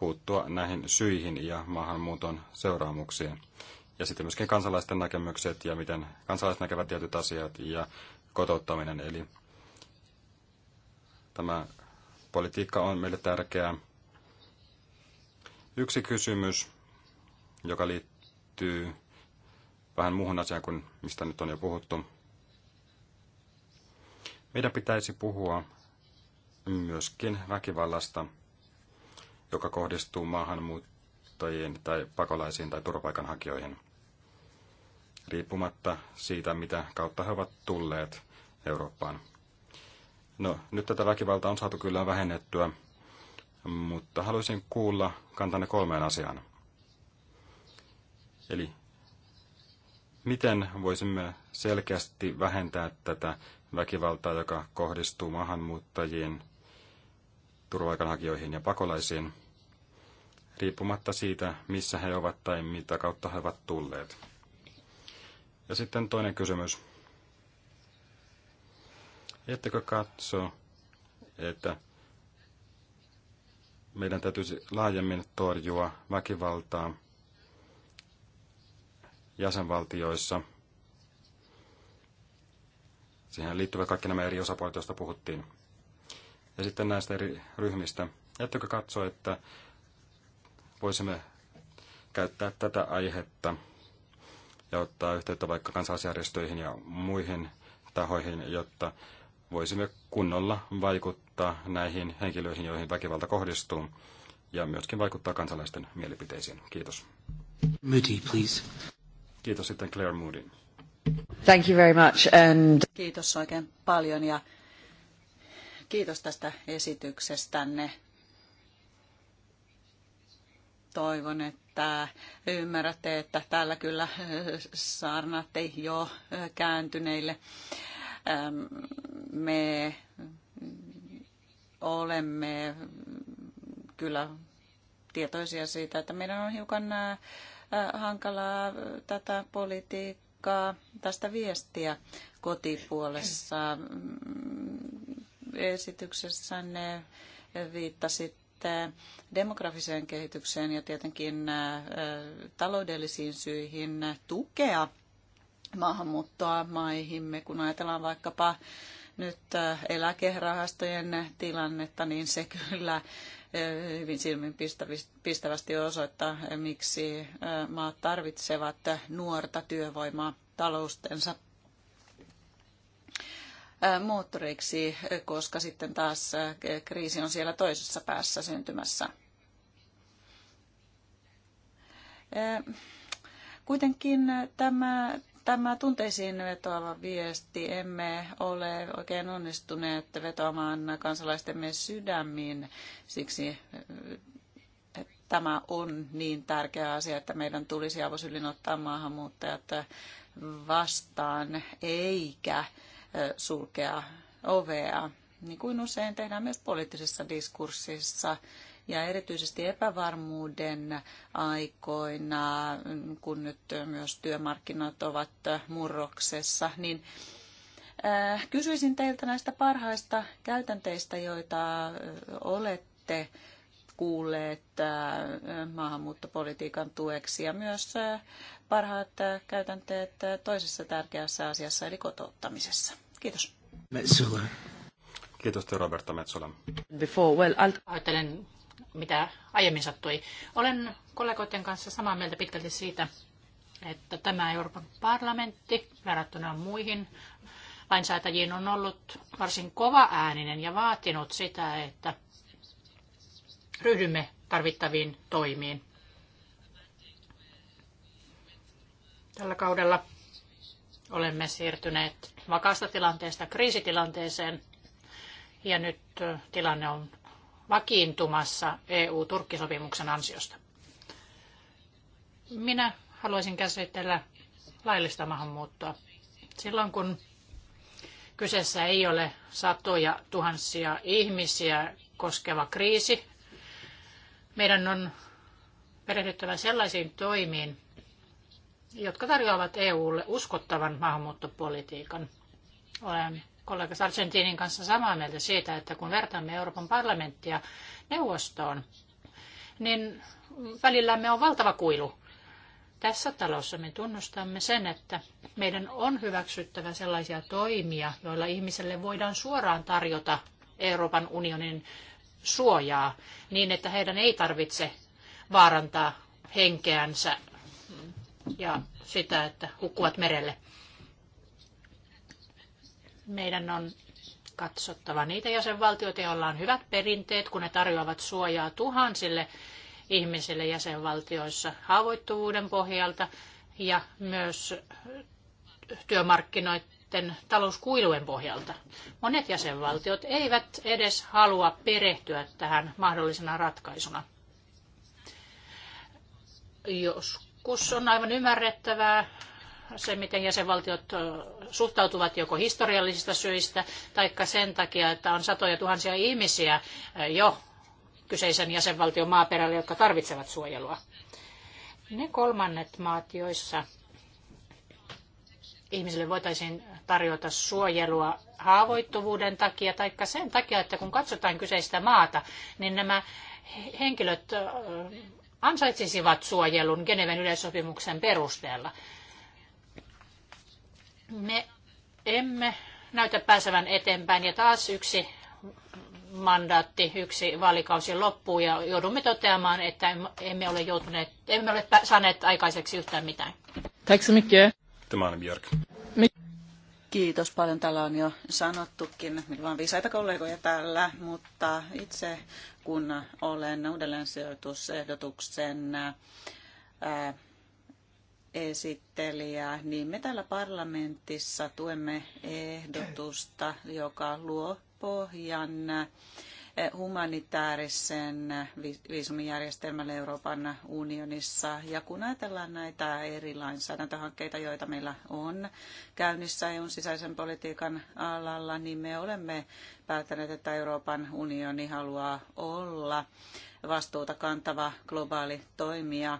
S2: puuttua näihin syihin ja maahanmuuton seuraamuksiin. Ja sitten myöskin kansalaisten näkemykset ja miten kansalaiset näkevät tietyt asiat ja kotouttaminen. Eli tämä politiikka on meille tärkeää. Yksi kysymys, joka liittyy vähän muuhun asiaan kuin mistä nyt on jo puhuttu. Meidän pitäisi puhua myöskin väkivallasta – joka kohdistuu maahanmuuttajiin tai pakolaisiin tai turvapaikanhakijoihin, riippumatta siitä, mitä kautta he ovat tulleet Eurooppaan. No, nyt tätä väkivaltaa on saatu kyllä vähennettyä, mutta haluaisin kuulla kantanne kolmeen asiaan. Eli miten voisimme selkeästi vähentää tätä väkivaltaa, joka kohdistuu maahanmuuttajiin turvaikanhakijoihin ja pakolaisiin, riippumatta siitä, missä he ovat tai mitä kautta he ovat tulleet. Ja sitten toinen kysymys. Ettekö katso, että meidän täytyisi laajemmin torjua väkivaltaa jäsenvaltioissa. Siihen liittyvät kaikki nämä eri osapuolet, joista puhuttiin ja sitten näistä eri ryhmistä. Ettekö katso, että voisimme käyttää tätä aihetta ja ottaa yhteyttä vaikka kansalaisjärjestöihin ja muihin tahoihin, jotta voisimme kunnolla vaikuttaa näihin henkilöihin, joihin väkivalta kohdistuu, ja myöskin vaikuttaa kansalaisten mielipiteisiin. Kiitos. Moody, please. Kiitos sitten Claire Moody.
S3: Thank you very much and... Kiitos oikein paljon ja Kiitos tästä esityksestänne. Toivon, että ymmärrätte, että täällä kyllä äh, saarnaatte jo äh, kääntyneille. Ähm, me olemme kyllä tietoisia siitä, että meidän on hiukan äh, hankalaa tätä politiikkaa, tästä viestiä kotipuolessa. Mm, esityksessänne viittasitte demografiseen kehitykseen ja tietenkin äh, taloudellisiin syihin tukea maahanmuuttoa maihimme, kun ajatellaan vaikkapa nyt äh, eläkerahastojen tilannetta, niin se kyllä äh, hyvin silmin pistävästi osoittaa, miksi maat tarvitsevat nuorta työvoimaa taloustensa moottoreiksi, koska sitten taas kriisi on siellä toisessa päässä syntymässä. Kuitenkin tämä, tämä tunteisiin vetoava viesti, emme ole oikein onnistuneet vetoamaan kansalaistemme sydämiin, siksi tämä on niin tärkeä asia, että meidän tulisi avosylin ottaa maahanmuuttajat vastaan, eikä sulkea ovea, niin kuin usein tehdään myös poliittisessa diskurssissa. Ja erityisesti epävarmuuden aikoina, kun nyt myös työmarkkinat ovat murroksessa, niin kysyisin teiltä näistä parhaista käytänteistä, joita olette olette kuulleet äh, maahanmuuttopolitiikan tueksi ja myös äh, parhaat äh, käytänteet toisessa tärkeässä asiassa eli kotouttamisessa. Kiitos.
S2: Metsola. Kiitos te Roberta Metsola.
S1: Before, well, I'll...
S3: Ajattelen, mitä
S1: aiemmin sattui. Olen kollegoiden kanssa samaa mieltä pitkälti siitä, että tämä Euroopan parlamentti verrattuna muihin lainsäätäjiin on ollut varsin kova ääninen ja vaatinut sitä, että ryhdymme tarvittaviin toimiin. Tällä kaudella olemme siirtyneet vakaasta tilanteesta kriisitilanteeseen ja nyt tilanne on vakiintumassa EU-Turkkisopimuksen ansiosta. Minä haluaisin käsitellä laillista maahanmuuttoa. Silloin kun kyseessä ei ole satoja tuhansia ihmisiä koskeva kriisi, meidän on perehdyttävä sellaisiin toimiin, jotka tarjoavat EUlle uskottavan maahanmuuttopolitiikan. Olen kollega Sargentinin kanssa samaa mieltä siitä, että kun vertaamme Euroopan parlamenttia neuvostoon, niin välillämme on valtava kuilu. Tässä talossa me tunnustamme sen, että meidän on hyväksyttävä sellaisia toimia, joilla ihmiselle voidaan suoraan tarjota Euroopan unionin suojaa niin, että heidän ei tarvitse vaarantaa henkeänsä ja sitä, että hukkuvat merelle. Meidän on katsottava niitä jäsenvaltioita, joilla on hyvät perinteet, kun ne tarjoavat suojaa tuhansille ihmisille jäsenvaltioissa haavoittuvuuden pohjalta ja myös työmarkkinoiden näiden talouskuilujen pohjalta. Monet jäsenvaltiot eivät edes halua perehtyä tähän mahdollisena ratkaisuna. Joskus on aivan ymmärrettävää se, miten jäsenvaltiot suhtautuvat joko historiallisista syistä tai sen takia, että on satoja tuhansia ihmisiä jo kyseisen jäsenvaltion maaperällä, jotka tarvitsevat suojelua. Ne kolmannet maat, joissa ihmisille voitaisiin tarjota suojelua haavoittuvuuden takia tai sen takia, että kun katsotaan kyseistä maata, niin nämä henkilöt ansaitsisivat suojelun Geneven yleissopimuksen perusteella. Me emme näytä pääsevän eteenpäin ja taas yksi mandaatti, yksi vaalikausi loppuu ja joudumme toteamaan, että emme ole, joutuneet, emme ole saaneet aikaiseksi yhtään mitään.
S2: Tack så mycket.
S3: Kiitos paljon. Täällä on jo sanottukin, minulla on viisaita kollegoja täällä, mutta itse kun olen uudelleensijoitusehdotuksen ää, esittelijä, niin me täällä parlamentissa tuemme ehdotusta, joka luo pohjan humanitaarisen viisumijärjestelmälle Euroopan unionissa. Ja kun ajatellaan näitä eri lainsäädäntöhankkeita, joita meillä on käynnissä EUn sisäisen politiikan alalla, niin me olemme päättäneet, että Euroopan unioni haluaa olla vastuuta kantava globaali toimija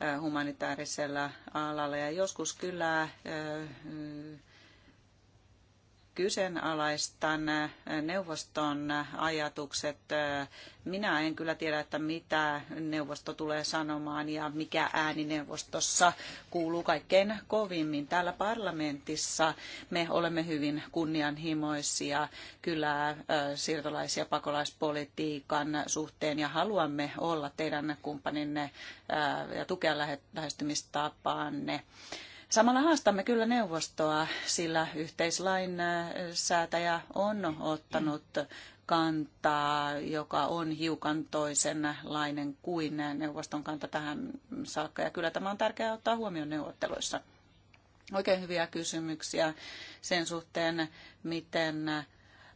S3: eh, humanitaarisella alalla. Ja joskus kyllä eh, kyseenalaistan äh, neuvoston äh, ajatukset. Äh, minä en kyllä tiedä, että mitä neuvosto tulee sanomaan ja mikä ääni neuvostossa kuuluu kaikkein kovimmin. Täällä parlamentissa me olemme hyvin kunnianhimoisia kyllä siirtolaisia ja pakolaispolitiikan suhteen ja haluamme olla teidän kumppaninne ja tukea lähestymistapaanne. Samalla haastamme kyllä neuvostoa, sillä yhteislain äh, säätäjä on ottanut kantaa, joka on hiukan toisenlainen kuin neuvoston kanta tähän saakka. Ja kyllä tämä on tärkeää ottaa huomioon neuvotteluissa. Oikein hyviä kysymyksiä sen suhteen, miten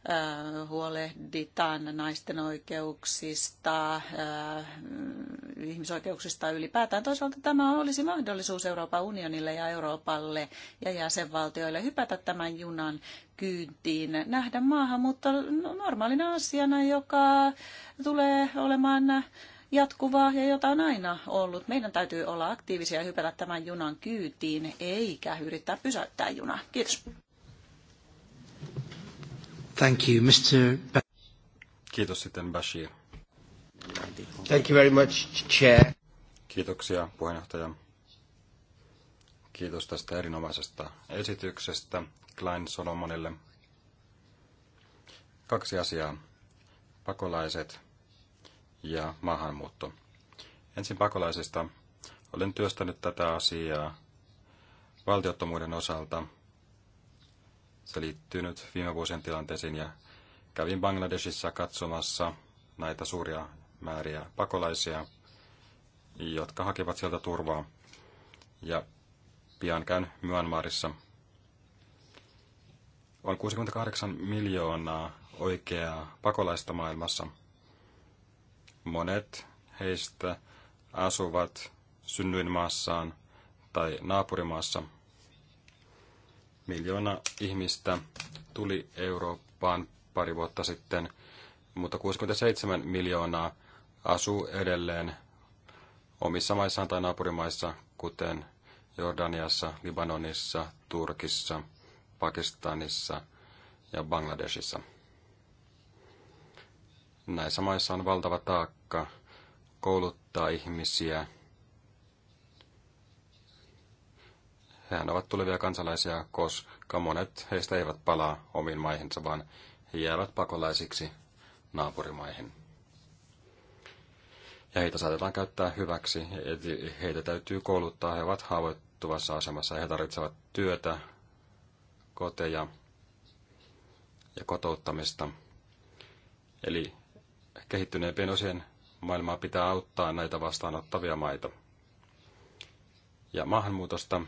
S3: Äh, huolehditaan naisten oikeuksista, äh, ihmisoikeuksista ylipäätään. Toisaalta tämä olisi mahdollisuus Euroopan unionille ja Euroopalle ja jäsenvaltioille hypätä tämän junan kyyntiin, nähdä maahan, mutta no, normaalina asiana, joka tulee olemaan jatkuvaa ja jota on aina ollut. Meidän täytyy olla aktiivisia ja hypätä tämän junan kyytiin, eikä yrittää pysäyttää junaa. Kiitos.
S2: Thank
S1: you, Mr. Ba-
S2: Kiitos sitten Bashir. Thank you very much, Chair. Kiitoksia puheenjohtaja. Kiitos tästä erinomaisesta esityksestä Klein Solomonille. Kaksi asiaa. Pakolaiset ja maahanmuutto. Ensin pakolaisista. Olen työstänyt tätä asiaa valtiottomuuden osalta – se liittyy nyt viime vuosien tilanteisiin ja kävin Bangladesissa katsomassa näitä suuria määriä pakolaisia, jotka hakivat sieltä turvaa. Ja pian käyn Myanmarissa. On 68 miljoonaa oikeaa pakolaista maailmassa. Monet heistä asuvat synnyinmaassaan tai naapurimaassa – Miljoona ihmistä tuli Eurooppaan pari vuotta sitten, mutta 67 miljoonaa asuu edelleen omissa maissaan tai naapurimaissa, kuten Jordaniassa, Libanonissa, Turkissa, Pakistanissa ja Bangladesissa. Näissä maissa on valtava taakka kouluttaa ihmisiä Hehän ovat tulevia kansalaisia, koska monet heistä eivät palaa omiin maihinsa, vaan he jäävät pakolaisiksi naapurimaihin. Ja heitä saatetaan käyttää hyväksi, heitä täytyy kouluttaa, he ovat haavoittuvassa asemassa, he tarvitsevat työtä, koteja ja kotouttamista. Eli kehittyneempien osien maailmaa pitää auttaa näitä vastaanottavia maita. Ja maahanmuutosta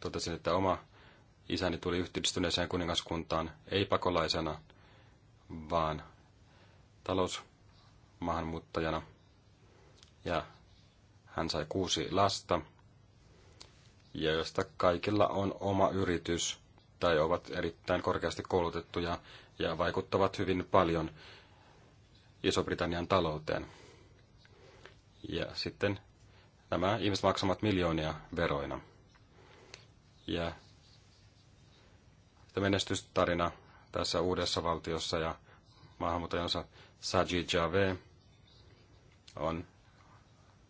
S2: totesin, että oma isäni tuli yhdistyneeseen kuningaskuntaan ei pakolaisena, vaan talousmaahanmuuttajana. Ja hän sai kuusi lasta, ja joista kaikilla on oma yritys tai ovat erittäin korkeasti koulutettuja ja vaikuttavat hyvin paljon Iso-Britannian talouteen. Ja sitten nämä ihmiset maksavat miljoonia veroina ja menestystarina tässä uudessa valtiossa ja maahanmuuttajansa Sajid Jave on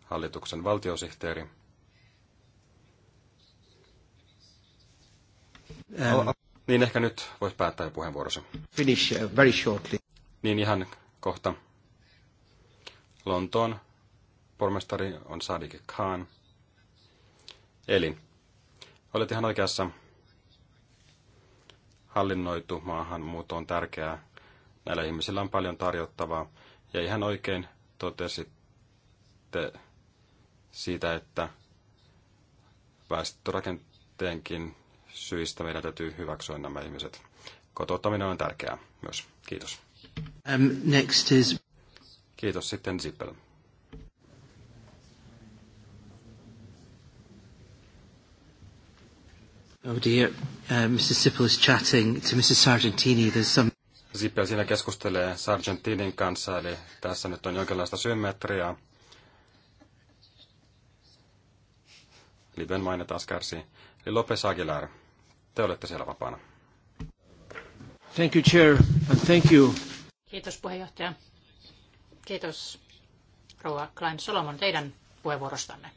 S2: hallituksen valtiosihteeri. Um, niin ehkä nyt voisi päättää puheenvuorosi. Finish uh, very shortly. Niin ihan kohta. Lontoon pormestari on Sadiq Khan. Eli Olet ihan oikeassa. Hallinnoitu maahanmuutto on tärkeää. Näillä ihmisillä on paljon tarjottavaa. Ja ihan oikein totesitte siitä, että väestörakenteenkin syistä meidän täytyy hyväksyä nämä ihmiset. Kotouttaminen on tärkeää myös. Kiitos. Um, next is... Kiitos sitten Zippel. Oh dear, uh, Mrs. Sippel is chatting to Mrs. Sargentini. There's some... Sippel siinä keskustelee Sargentinin kanssa, eli tässä nyt on jonkinlaista symmetriaa. Liben maine taas kärsii. Eli Lopez Aguilar, te olette siellä vapaana. Thank you, Chair, and thank you.
S1: Kiitos puheenjohtaja. Kiitos rouva Klein Solomon teidän puheenvuorostanne.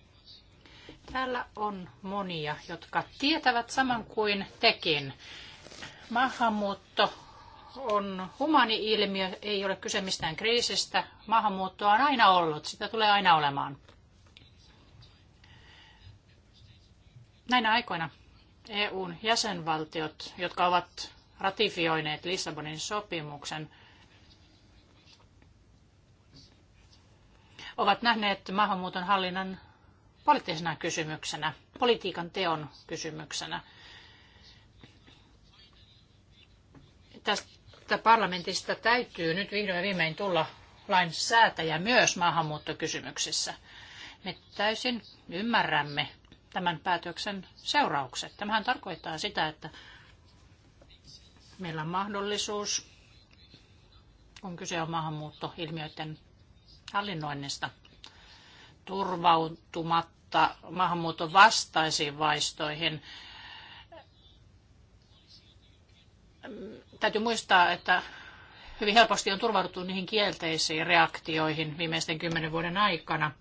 S1: Täällä on monia, jotka tietävät saman kuin tekin. Maahanmuutto on humani ilmiö, ei ole kyse mistään kriisistä. Maahanmuuttoa on aina ollut, sitä tulee aina olemaan. Näinä aikoina EUn jäsenvaltiot, jotka ovat ratifioineet Lissabonin sopimuksen, ovat nähneet maahanmuuton hallinnan poliittisena kysymyksenä, politiikan teon kysymyksenä. Tästä parlamentista täytyy nyt vihdoin ja viimein tulla lainsäätäjä myös maahanmuuttokysymyksissä. Me täysin ymmärrämme tämän päätöksen seuraukset. Tämähän tarkoittaa sitä, että meillä on mahdollisuus, kun kyse on maahanmuuttoilmiöiden hallinnoinnista – turvautumatta maahanmuuton vastaisiin vaistoihin. Täytyy muistaa, että hyvin helposti on turvauduttu niihin kielteisiin reaktioihin viimeisten kymmenen vuoden aikana.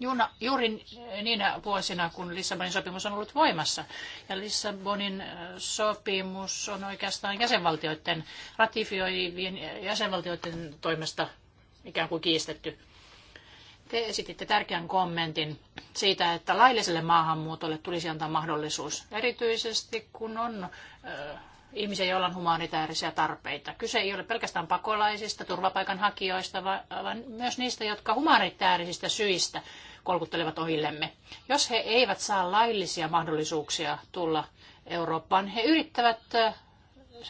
S1: Juuna, juuri niinä vuosina, kun Lissabonin sopimus on ollut voimassa. Ja Lissabonin äh, sopimus on oikeastaan jäsenvaltioiden, ratifioivien jäsenvaltioiden toimesta ikään kuin kiistetty. Te esititte tärkeän kommentin siitä, että lailliselle maahanmuutolle tulisi antaa mahdollisuus, erityisesti kun on ö, ihmisiä, joilla on humanitaarisia tarpeita. Kyse ei ole pelkästään pakolaisista, turvapaikanhakijoista, vaan myös niistä, jotka humanitaarisista syistä kolkuttelevat ohillemme. Jos he eivät saa laillisia mahdollisuuksia tulla Eurooppaan, he yrittävät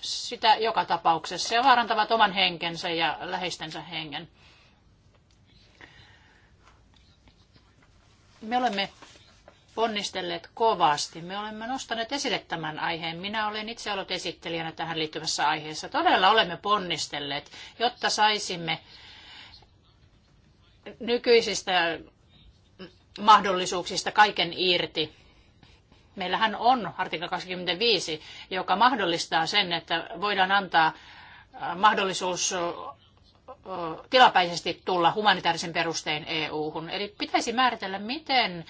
S1: sitä joka tapauksessa ja vaarantavat oman henkensä ja läheistensä hengen. Me olemme ponnistelleet kovasti. Me olemme nostaneet esille tämän aiheen. Minä olen itse ollut esittelijänä tähän liittyvässä aiheessa. Todella olemme ponnistelleet, jotta saisimme nykyisistä mahdollisuuksista kaiken irti. Meillähän on artikla 25, joka mahdollistaa sen, että voidaan antaa mahdollisuus tilapäisesti tulla humanitaarisen perustein EU-hun. Eli pitäisi määritellä, miten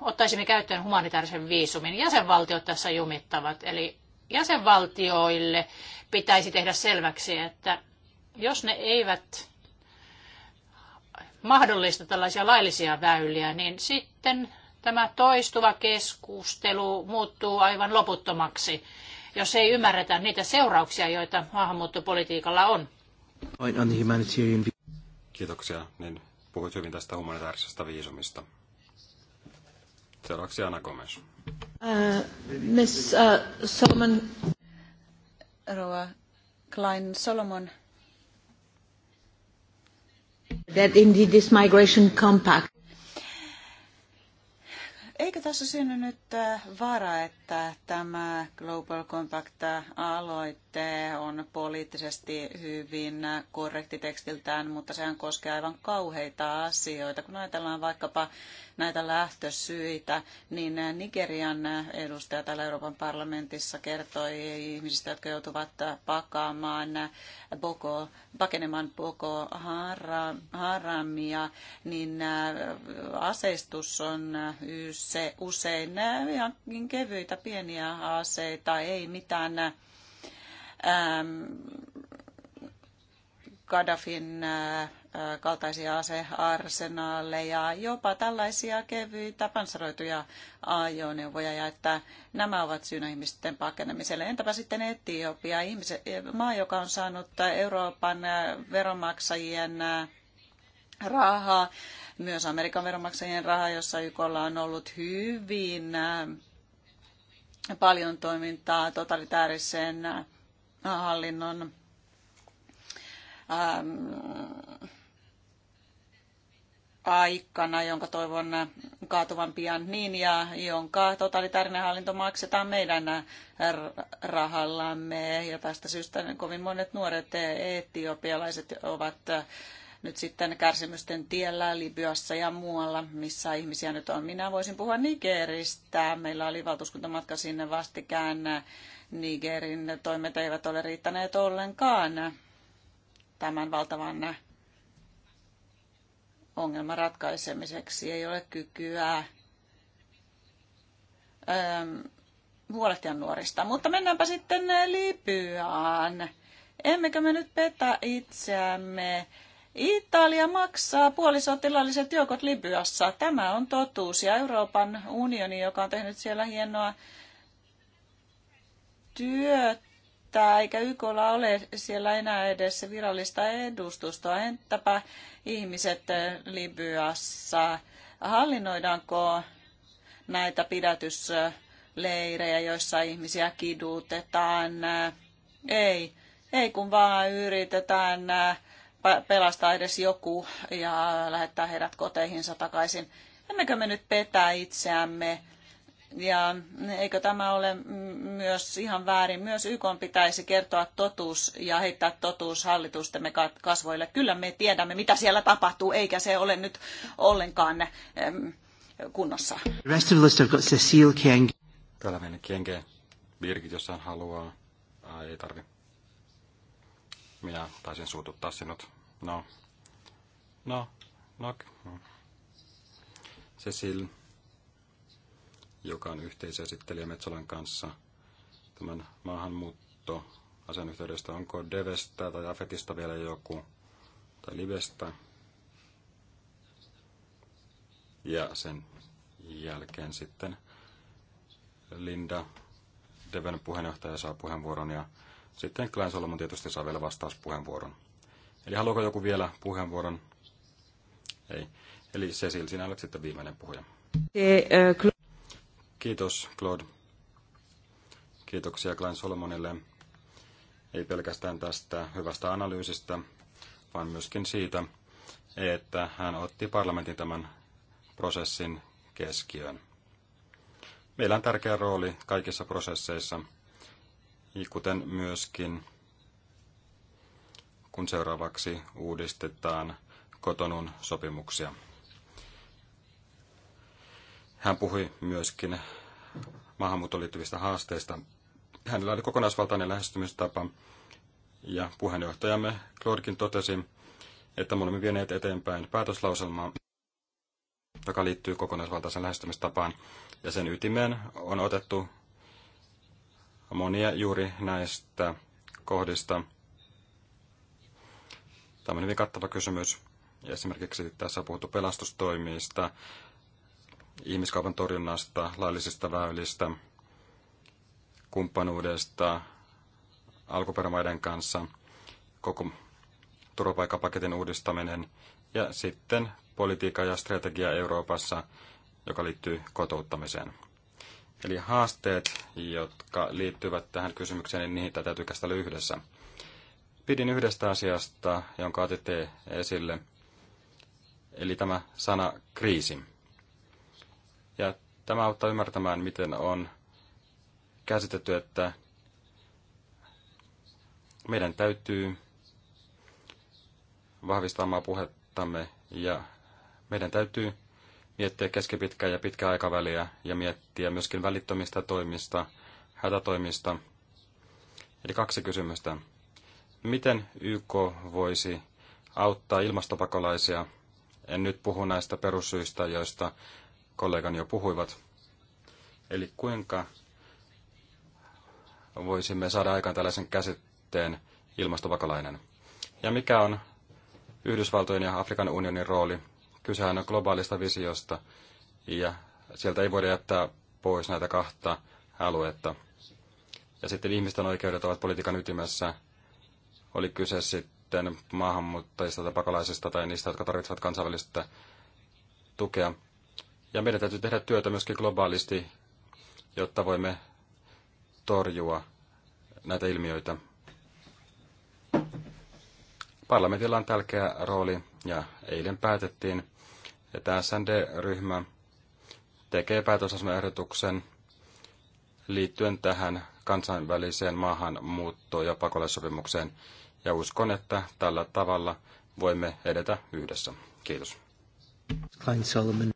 S1: ottaisimme käyttöön humanitaarisen viisumin. Jäsenvaltiot tässä jumittavat, eli jäsenvaltioille pitäisi tehdä selväksi, että jos ne eivät mahdollista tällaisia laillisia väyliä, niin sitten tämä toistuva keskustelu muuttuu aivan loputtomaksi, jos ei ymmärretä niitä seurauksia, joita maahanmuuttopolitiikalla on.
S2: Kiitoksia, niin puhuit hyvin tästä humanitaarisesta viisumista. Seuraavaksi Anna Gomes. Uh, Miss uh,
S3: Solomon. Rova Klein Solomon. That indeed this migration compact. Eikö tässä synny nyt uh, vaara, että että tämä Global Compact-aloite on poliittisesti hyvin korrekti tekstiltään, mutta sehän koskee aivan kauheita asioita. Kun ajatellaan vaikkapa näitä lähtösyitä, niin Nigerian edustaja täällä Euroopan parlamentissa kertoi ihmisistä, jotka joutuvat pakaamaan Boko, pakenemaan Boko Haramia, niin äh, aseistus on se usein ihan kevyitä pieniä aseita, ei mitään äm, Gaddafin äh, kaltaisia asearsenaaleja, jopa tällaisia kevyitä panssaroituja ajoneuvoja ja että nämä ovat syynä ihmisten pakenemiselle. Entäpä sitten Etiopia, ihmisen, maa, joka on saanut Euroopan äh, veronmaksajien äh, rahaa, myös Amerikan veronmaksajien rahaa, jossa YKlla on ollut hyvin äh, paljon toimintaa totalitäärisen äh, hallinnon ähm, aikana, jonka toivon kaatuvan pian niin, ja jonka totalitaarinen hallinto maksetaan meidän rahallamme. Ja tästä syystä kovin monet nuoret e- etiopialaiset ovat nyt sitten kärsimysten tiellä Libyassa ja muualla, missä ihmisiä nyt on. Minä voisin puhua Nigeristä. Meillä oli valtuuskuntamatka sinne vastikään. Nigerin toimet eivät ole riittäneet ollenkaan tämän valtavan ongelman ratkaisemiseksi. Ei ole kykyä ähm, huolehtia nuorista. Mutta mennäänpä sitten Libyaan. Emmekö me nyt petä itseämme? Italia maksaa puolisotilalliset joukot Libyassa. Tämä on totuus. Ja Euroopan unioni, joka on tehnyt siellä hienoa työtä, eikä YKlla ole siellä enää edes virallista edustusta. Entäpä ihmiset Libyassa? Hallinnoidaanko näitä pidätysleirejä, joissa ihmisiä kidutetaan? Ei. Ei kun vaan yritetään pelastaa edes joku ja lähettää heidät koteihinsa takaisin. Emmekö me nyt petä itseämme? Ja eikö tämä ole myös ihan väärin? Myös YK pitäisi kertoa totuus ja heittää totuus hallitustemme kasvoille. Kyllä me tiedämme, mitä siellä tapahtuu, eikä se ole nyt ollenkaan
S2: kunnossa. Rest of the list Cecile Täällä meni Kienge. Birgit, jos hän haluaa. Ai, ei tarvitse. Minä taisin suututtaa sinut. No. No. No, no. Cecil, joka on yhteisesittelijä Metsolan kanssa tämän maahanmuutto asian yhteydestä. Onko Devestä tai Afetista vielä joku? Tai Livestä? Ja sen jälkeen sitten Linda Deven puheenjohtaja saa puheenvuoron ja sitten Klein Solomon tietysti saa vielä vastauspuheenvuoron. Eli haluaako joku vielä puheenvuoron? Ei. Eli Cecil, sinä olet sitten viimeinen puhuja. Kiitos, Claude. Kiitoksia Klein Solomonille. Ei pelkästään tästä hyvästä analyysistä, vaan myöskin siitä, että hän otti parlamentin tämän prosessin keskiöön. Meillä on tärkeä rooli kaikissa prosesseissa – kuten myöskin kun seuraavaksi uudistetaan kotonun sopimuksia. Hän puhui myöskin maahanmuuton liittyvistä haasteista. Hänellä oli kokonaisvaltainen lähestymistapa ja puheenjohtajamme Klodkin totesi, että me olemme vieneet eteenpäin päätöslauselmaa, joka liittyy kokonaisvaltaisen lähestymistapaan, ja sen ytimeen on otettu monia juuri näistä kohdista. Tämä on hyvin kattava kysymys. Esimerkiksi tässä on puhuttu pelastustoimista, ihmiskaupan torjunnasta, laillisista väylistä, kumppanuudesta alkuperämaiden kanssa, koko turvapaikkapaketin uudistaminen ja sitten politiikka ja strategia Euroopassa, joka liittyy kotouttamiseen. Eli haasteet, jotka liittyvät tähän kysymykseen, niin niitä täytyy käsitellä yhdessä. Pidin yhdestä asiasta, jonka otitte esille, eli tämä sana kriisi. Ja tämä auttaa ymmärtämään, miten on käsitetty, että meidän täytyy vahvistaa puhettamme ja meidän täytyy miettiä keskipitkää ja pitkää aikaväliä ja miettiä myöskin välittömistä toimista, hätätoimista. Eli kaksi kysymystä. Miten YK voisi auttaa ilmastopakolaisia? En nyt puhu näistä perussyistä, joista kollegani jo puhuivat. Eli kuinka voisimme saada aikaan tällaisen käsitteen ilmastopakolainen? Ja mikä on Yhdysvaltojen ja Afrikan unionin rooli Kysehän on globaalista visiosta ja sieltä ei voida jättää pois näitä kahta aluetta. Ja sitten ihmisten oikeudet ovat politiikan ytimessä. Oli kyse sitten maahanmuuttajista tai pakolaisista tai niistä, jotka tarvitsevat kansainvälistä tukea. Ja meidän täytyy tehdä työtä myöskin globaalisti, jotta voimme torjua näitä ilmiöitä. Parlamentilla on tärkeä rooli ja eilen päätettiin, tämä SND-ryhmä tekee päätösasemaehdotuksen liittyen tähän kansainväliseen maahanmuuttoon ja pakolaissopimukseen, ja uskon, että tällä tavalla voimme edetä yhdessä. Kiitos. Klein Solomon.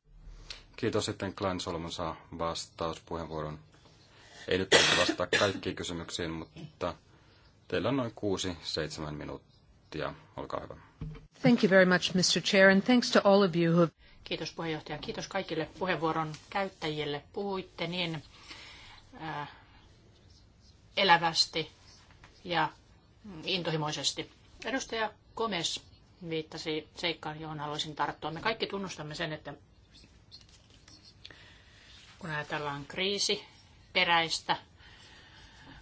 S2: Kiitos sitten Klein Solomon saa vastauspuheenvuoron. Ei nyt tarvitse vastata kaikkiin kysymyksiin, mutta teillä on noin 6-7 minuuttia. Olkaa hyvä.
S1: Thank you very much, Mr. Chair, and thanks to all of you who... Kiitos puheenjohtaja. Kiitos kaikille puheenvuoron käyttäjille. Puhuitte niin äh, elävästi ja intohimoisesti. Edustaja Gomez viittasi seikkaan, johon haluaisin tarttua. Me kaikki tunnustamme sen, että kun ajatellaan kriisi, peräistä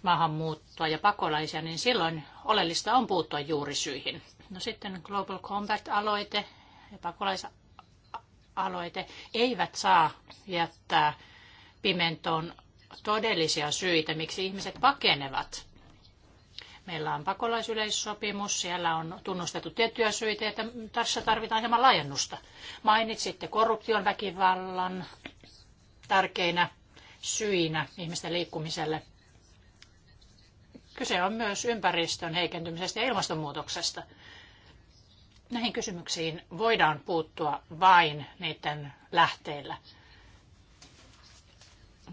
S1: maahanmuuttoa ja pakolaisia, niin silloin oleellista on puuttua juurisyihin. No sitten Global Compact-aloite ja pakolaisaloite eivät saa jättää pimentoon todellisia syitä, miksi ihmiset pakenevat. Meillä on pakolaisyleissopimus, siellä on tunnustettu tiettyjä syitä, että tässä tarvitaan hieman laajennusta. Mainitsitte korruption, väkivallan tärkeinä syinä ihmisten liikkumiselle. Kyse on myös ympäristön heikentymisestä ja ilmastonmuutoksesta. Näihin kysymyksiin voidaan puuttua vain niiden lähteillä.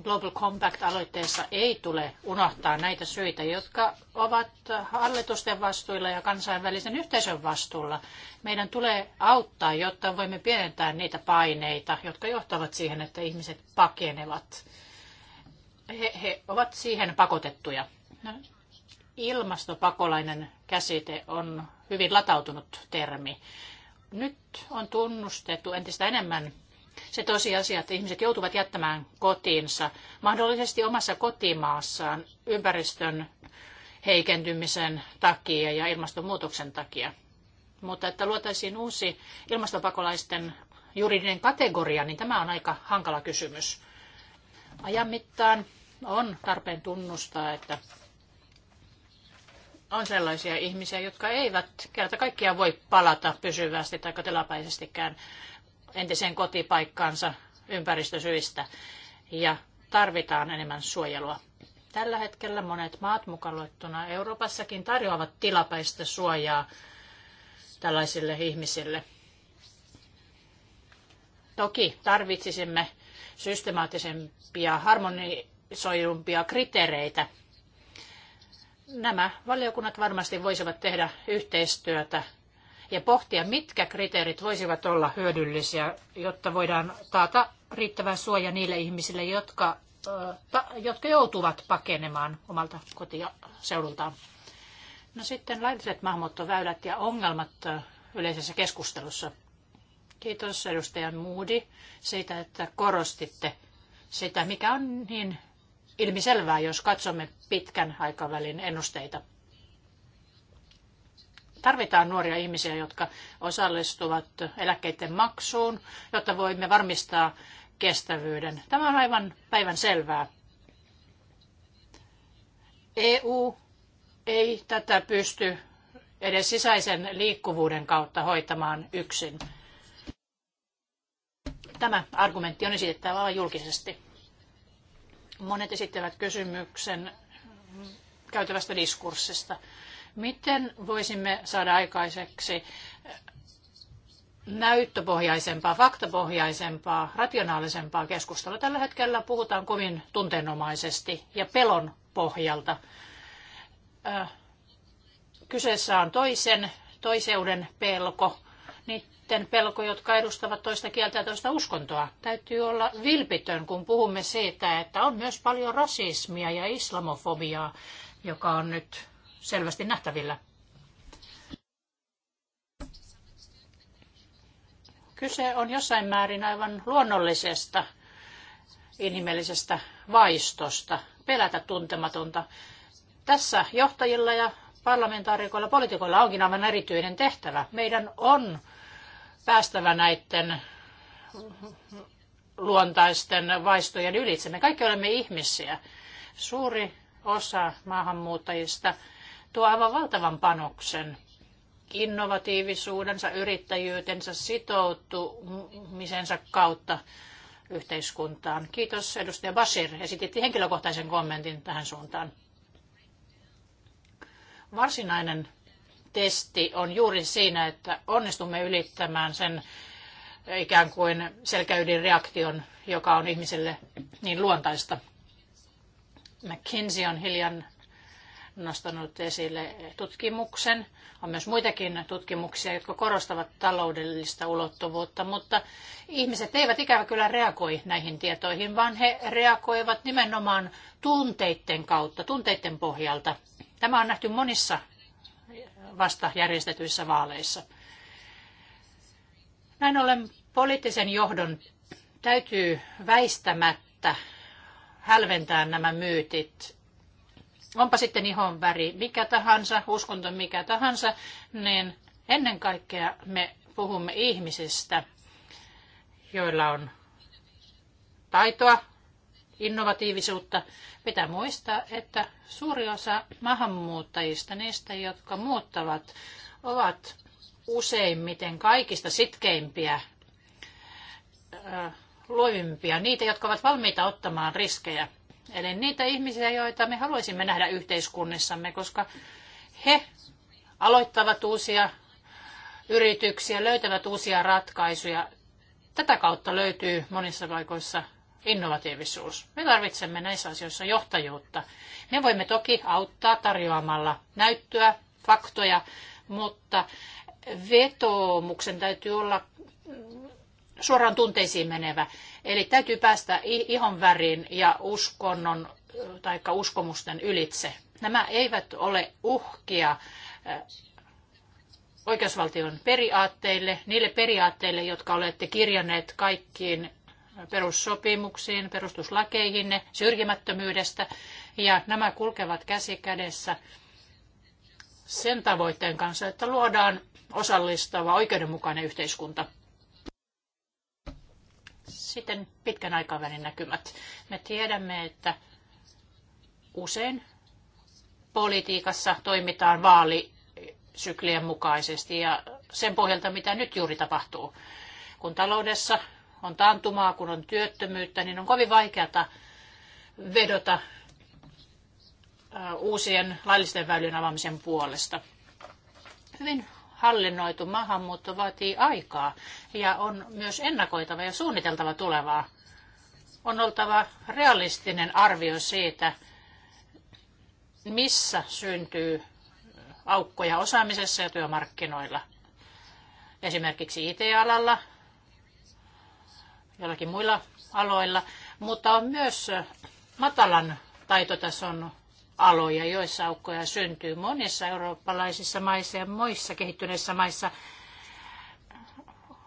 S1: Global Compact-aloitteessa ei tule unohtaa näitä syitä, jotka ovat hallitusten vastuilla ja kansainvälisen yhteisön vastuulla. Meidän tulee auttaa, jotta voimme pienentää niitä paineita, jotka johtavat siihen, että ihmiset pakenevat. He, he ovat siihen pakotettuja. No, ilmastopakolainen käsite on hyvin latautunut termi. Nyt on tunnustettu entistä enemmän se tosiasia, että ihmiset joutuvat jättämään kotiinsa, mahdollisesti omassa kotimaassaan ympäristön heikentymisen takia ja ilmastonmuutoksen takia. Mutta että luotaisiin uusi ilmastopakolaisten juridinen kategoria, niin tämä on aika hankala kysymys. Ajan mittaan on tarpeen tunnustaa, että on sellaisia ihmisiä, jotka eivät kerta kaikkiaan voi palata pysyvästi tai tilapäisestikään entiseen kotipaikkaansa ympäristösyistä ja tarvitaan enemmän suojelua. Tällä hetkellä monet maat mukaan Euroopassakin tarjoavat tilapäistä suojaa tällaisille ihmisille. Toki tarvitsisimme systemaattisempia, harmonisoidumpia kriteereitä nämä valiokunnat varmasti voisivat tehdä yhteistyötä ja pohtia, mitkä kriteerit voisivat olla hyödyllisiä, jotta voidaan taata riittävä suoja niille ihmisille, jotka, jotka joutuvat pakenemaan omalta kotiseudultaan. No sitten lailliset maahanmuuttoväylät ja ongelmat yleisessä keskustelussa. Kiitos edustaja Moody siitä, että korostitte sitä, mikä on niin ilmiselvää, jos katsomme pitkän aikavälin ennusteita. Tarvitaan nuoria ihmisiä, jotka osallistuvat eläkkeiden maksuun, jotta voimme varmistaa kestävyyden. Tämä on aivan päivän selvää. EU ei tätä pysty edes sisäisen liikkuvuuden kautta hoitamaan yksin. Tämä argumentti on esitettävä aivan julkisesti. Monet esittävät kysymyksen käytävästä diskurssista. Miten voisimme saada aikaiseksi näyttöpohjaisempaa, faktapohjaisempaa, rationaalisempaa keskustelua? Tällä hetkellä puhutaan kovin tunteenomaisesti ja pelon pohjalta. Äh, kyseessä on toisen, toiseuden pelko, niin sitten pelko, jotka edustavat toista kieltä ja toista uskontoa. Täytyy olla vilpitön, kun puhumme siitä, että on myös paljon rasismia ja islamofobiaa, joka on nyt selvästi nähtävillä. Kyse on jossain määrin aivan luonnollisesta inhimillisestä vaistosta, pelätä tuntematonta. Tässä johtajilla ja parlamentaarikoilla, poliitikoilla onkin aivan erityinen tehtävä. Meidän on päästävä näiden luontaisten vaistojen ylitse. Me kaikki olemme ihmisiä. Suuri osa maahanmuuttajista tuo aivan valtavan panoksen innovatiivisuudensa, yrittäjyytensä, sitoutumisensa kautta yhteiskuntaan. Kiitos edustaja Basir. Esititti henkilökohtaisen kommentin tähän suuntaan. Varsinainen testi on juuri siinä, että onnistumme ylittämään sen ikään kuin selkäydinreaktion, joka on ihmiselle niin luontaista. McKinsey on hiljan nostanut esille tutkimuksen. On myös muitakin tutkimuksia, jotka korostavat taloudellista ulottuvuutta, mutta ihmiset eivät ikävä kyllä reagoi näihin tietoihin, vaan he reagoivat nimenomaan tunteiden kautta, tunteiden pohjalta. Tämä on nähty monissa vasta järjestetyissä vaaleissa. Näin ollen poliittisen johdon täytyy väistämättä hälventää nämä myytit. Onpa sitten ihon väri mikä tahansa, uskonto mikä tahansa, niin ennen kaikkea me puhumme ihmisistä, joilla on taitoa, innovatiivisuutta. Pitää muistaa, että suuri osa maahanmuuttajista, niistä, jotka muuttavat, ovat useimmiten kaikista sitkeimpiä, luovimpia, niitä, jotka ovat valmiita ottamaan riskejä. Eli niitä ihmisiä, joita me haluaisimme nähdä yhteiskunnissamme, koska he aloittavat uusia yrityksiä, löytävät uusia ratkaisuja. Tätä kautta löytyy monissa paikoissa innovatiivisuus. Me tarvitsemme näissä asioissa johtajuutta. Me voimme toki auttaa tarjoamalla näyttöä, faktoja, mutta vetoomuksen täytyy olla suoraan tunteisiin menevä. Eli täytyy päästä ihon värin ja uskonnon tai uskomusten ylitse. Nämä eivät ole uhkia oikeusvaltion periaatteille, niille periaatteille, jotka olette kirjanneet kaikkiin perussopimuksiin, perustuslakeihin syrjimättömyydestä ja nämä kulkevat käsi kädessä sen tavoitteen kanssa, että luodaan osallistava, oikeudenmukainen yhteiskunta. Sitten pitkän aikavälin näkymät. Me tiedämme, että usein politiikassa toimitaan vaalisyklien mukaisesti ja sen pohjalta, mitä nyt juuri tapahtuu. Kun taloudessa on taantumaa, kun on työttömyyttä, niin on kovin vaikeata vedota uusien laillisten väylien avaamisen puolesta. Hyvin hallinnoitu maahanmuutto vaatii aikaa ja on myös ennakoitava ja suunniteltava tulevaa. On oltava realistinen arvio siitä, missä syntyy aukkoja osaamisessa ja työmarkkinoilla. Esimerkiksi IT-alalla jollakin muilla aloilla, mutta on myös matalan taitotason aloja, joissa aukkoja syntyy monissa eurooppalaisissa maissa ja muissa kehittyneissä maissa.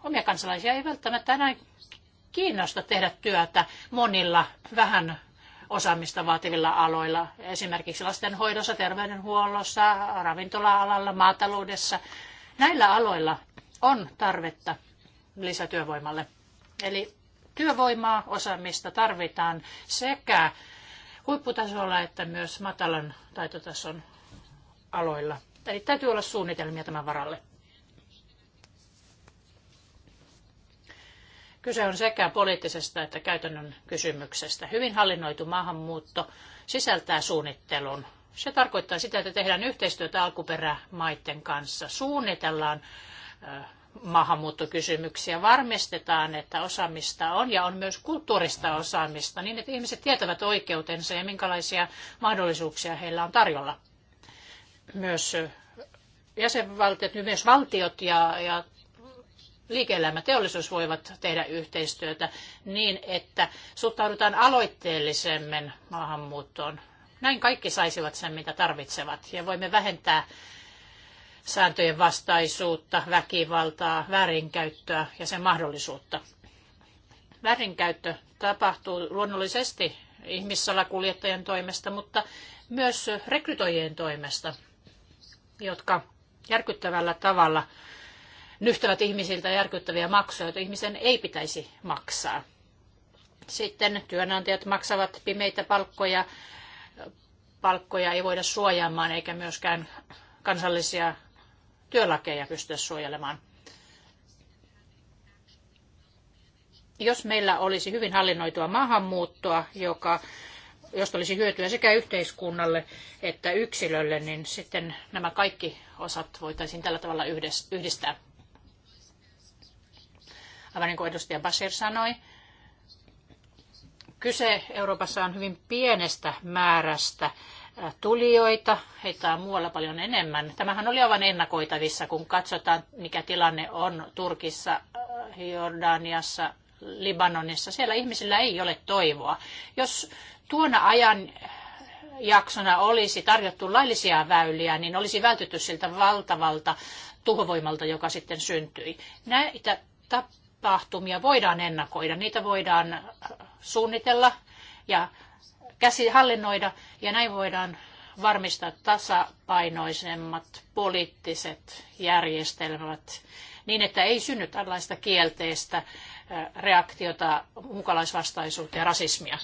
S1: Omia kansalaisia ei välttämättä enää kiinnosta tehdä työtä monilla vähän osaamista vaativilla aloilla, esimerkiksi lastenhoidossa, terveydenhuollossa, ravintola-alalla, maataloudessa. Näillä aloilla on tarvetta lisätyövoimalle. Eli Työvoimaa, osaamista tarvitaan sekä huipputasolla että myös matalan taitotason aloilla. Eli täytyy olla suunnitelmia tämän varalle. Kyse on sekä poliittisesta että käytännön kysymyksestä. Hyvin hallinnoitu maahanmuutto sisältää suunnittelun. Se tarkoittaa sitä, että tehdään yhteistyötä alkuperämaiden kanssa. Suunnitellaan maahanmuuttokysymyksiä. Varmistetaan, että osaamista on ja on myös kulttuurista osaamista niin, että ihmiset tietävät oikeutensa ja minkälaisia mahdollisuuksia heillä on tarjolla. Myös jäsenvaltiot, niin myös valtiot ja, ja liike-elämä, teollisuus voivat tehdä yhteistyötä niin, että suhtaudutaan aloitteellisemmin maahanmuuttoon. Näin kaikki saisivat sen, mitä tarvitsevat ja voimme vähentää sääntöjen vastaisuutta, väkivaltaa, väärinkäyttöä ja sen mahdollisuutta. Väärinkäyttö tapahtuu luonnollisesti ihmissalakuljettajien toimesta, mutta myös rekrytoijien toimesta, jotka järkyttävällä tavalla nyhtävät ihmisiltä järkyttäviä maksuja, joita ihmisen ei pitäisi maksaa. Sitten työnantajat maksavat pimeitä palkkoja. Palkkoja ei voida suojaamaan eikä myöskään kansallisia työlakeja pystyä suojelemaan. Jos meillä olisi hyvin hallinnoitua maahanmuuttoa, joka, josta olisi hyötyä sekä yhteiskunnalle että yksilölle, niin sitten nämä kaikki osat voitaisiin tällä tavalla yhdistää. Aivan niin kuin edustaja Basir sanoi, kyse Euroopassa on hyvin pienestä määrästä tulijoita, heitä on muualla paljon enemmän. Tämähän oli aivan ennakoitavissa, kun katsotaan, mikä tilanne on Turkissa, Jordaniassa, Libanonissa. Siellä ihmisillä ei ole toivoa. Jos tuona ajan jaksona olisi tarjottu laillisia väyliä, niin olisi vältytty siltä valtavalta tuhovoimalta, joka sitten syntyi. Näitä tapahtumia voidaan ennakoida, niitä voidaan suunnitella ja käsi hallinnoida ja näin voidaan varmistaa tasapainoisemmat poliittiset järjestelmät niin, että ei synny tällaista kielteistä reaktiota mukalaisvastaisuutta ja rasismia.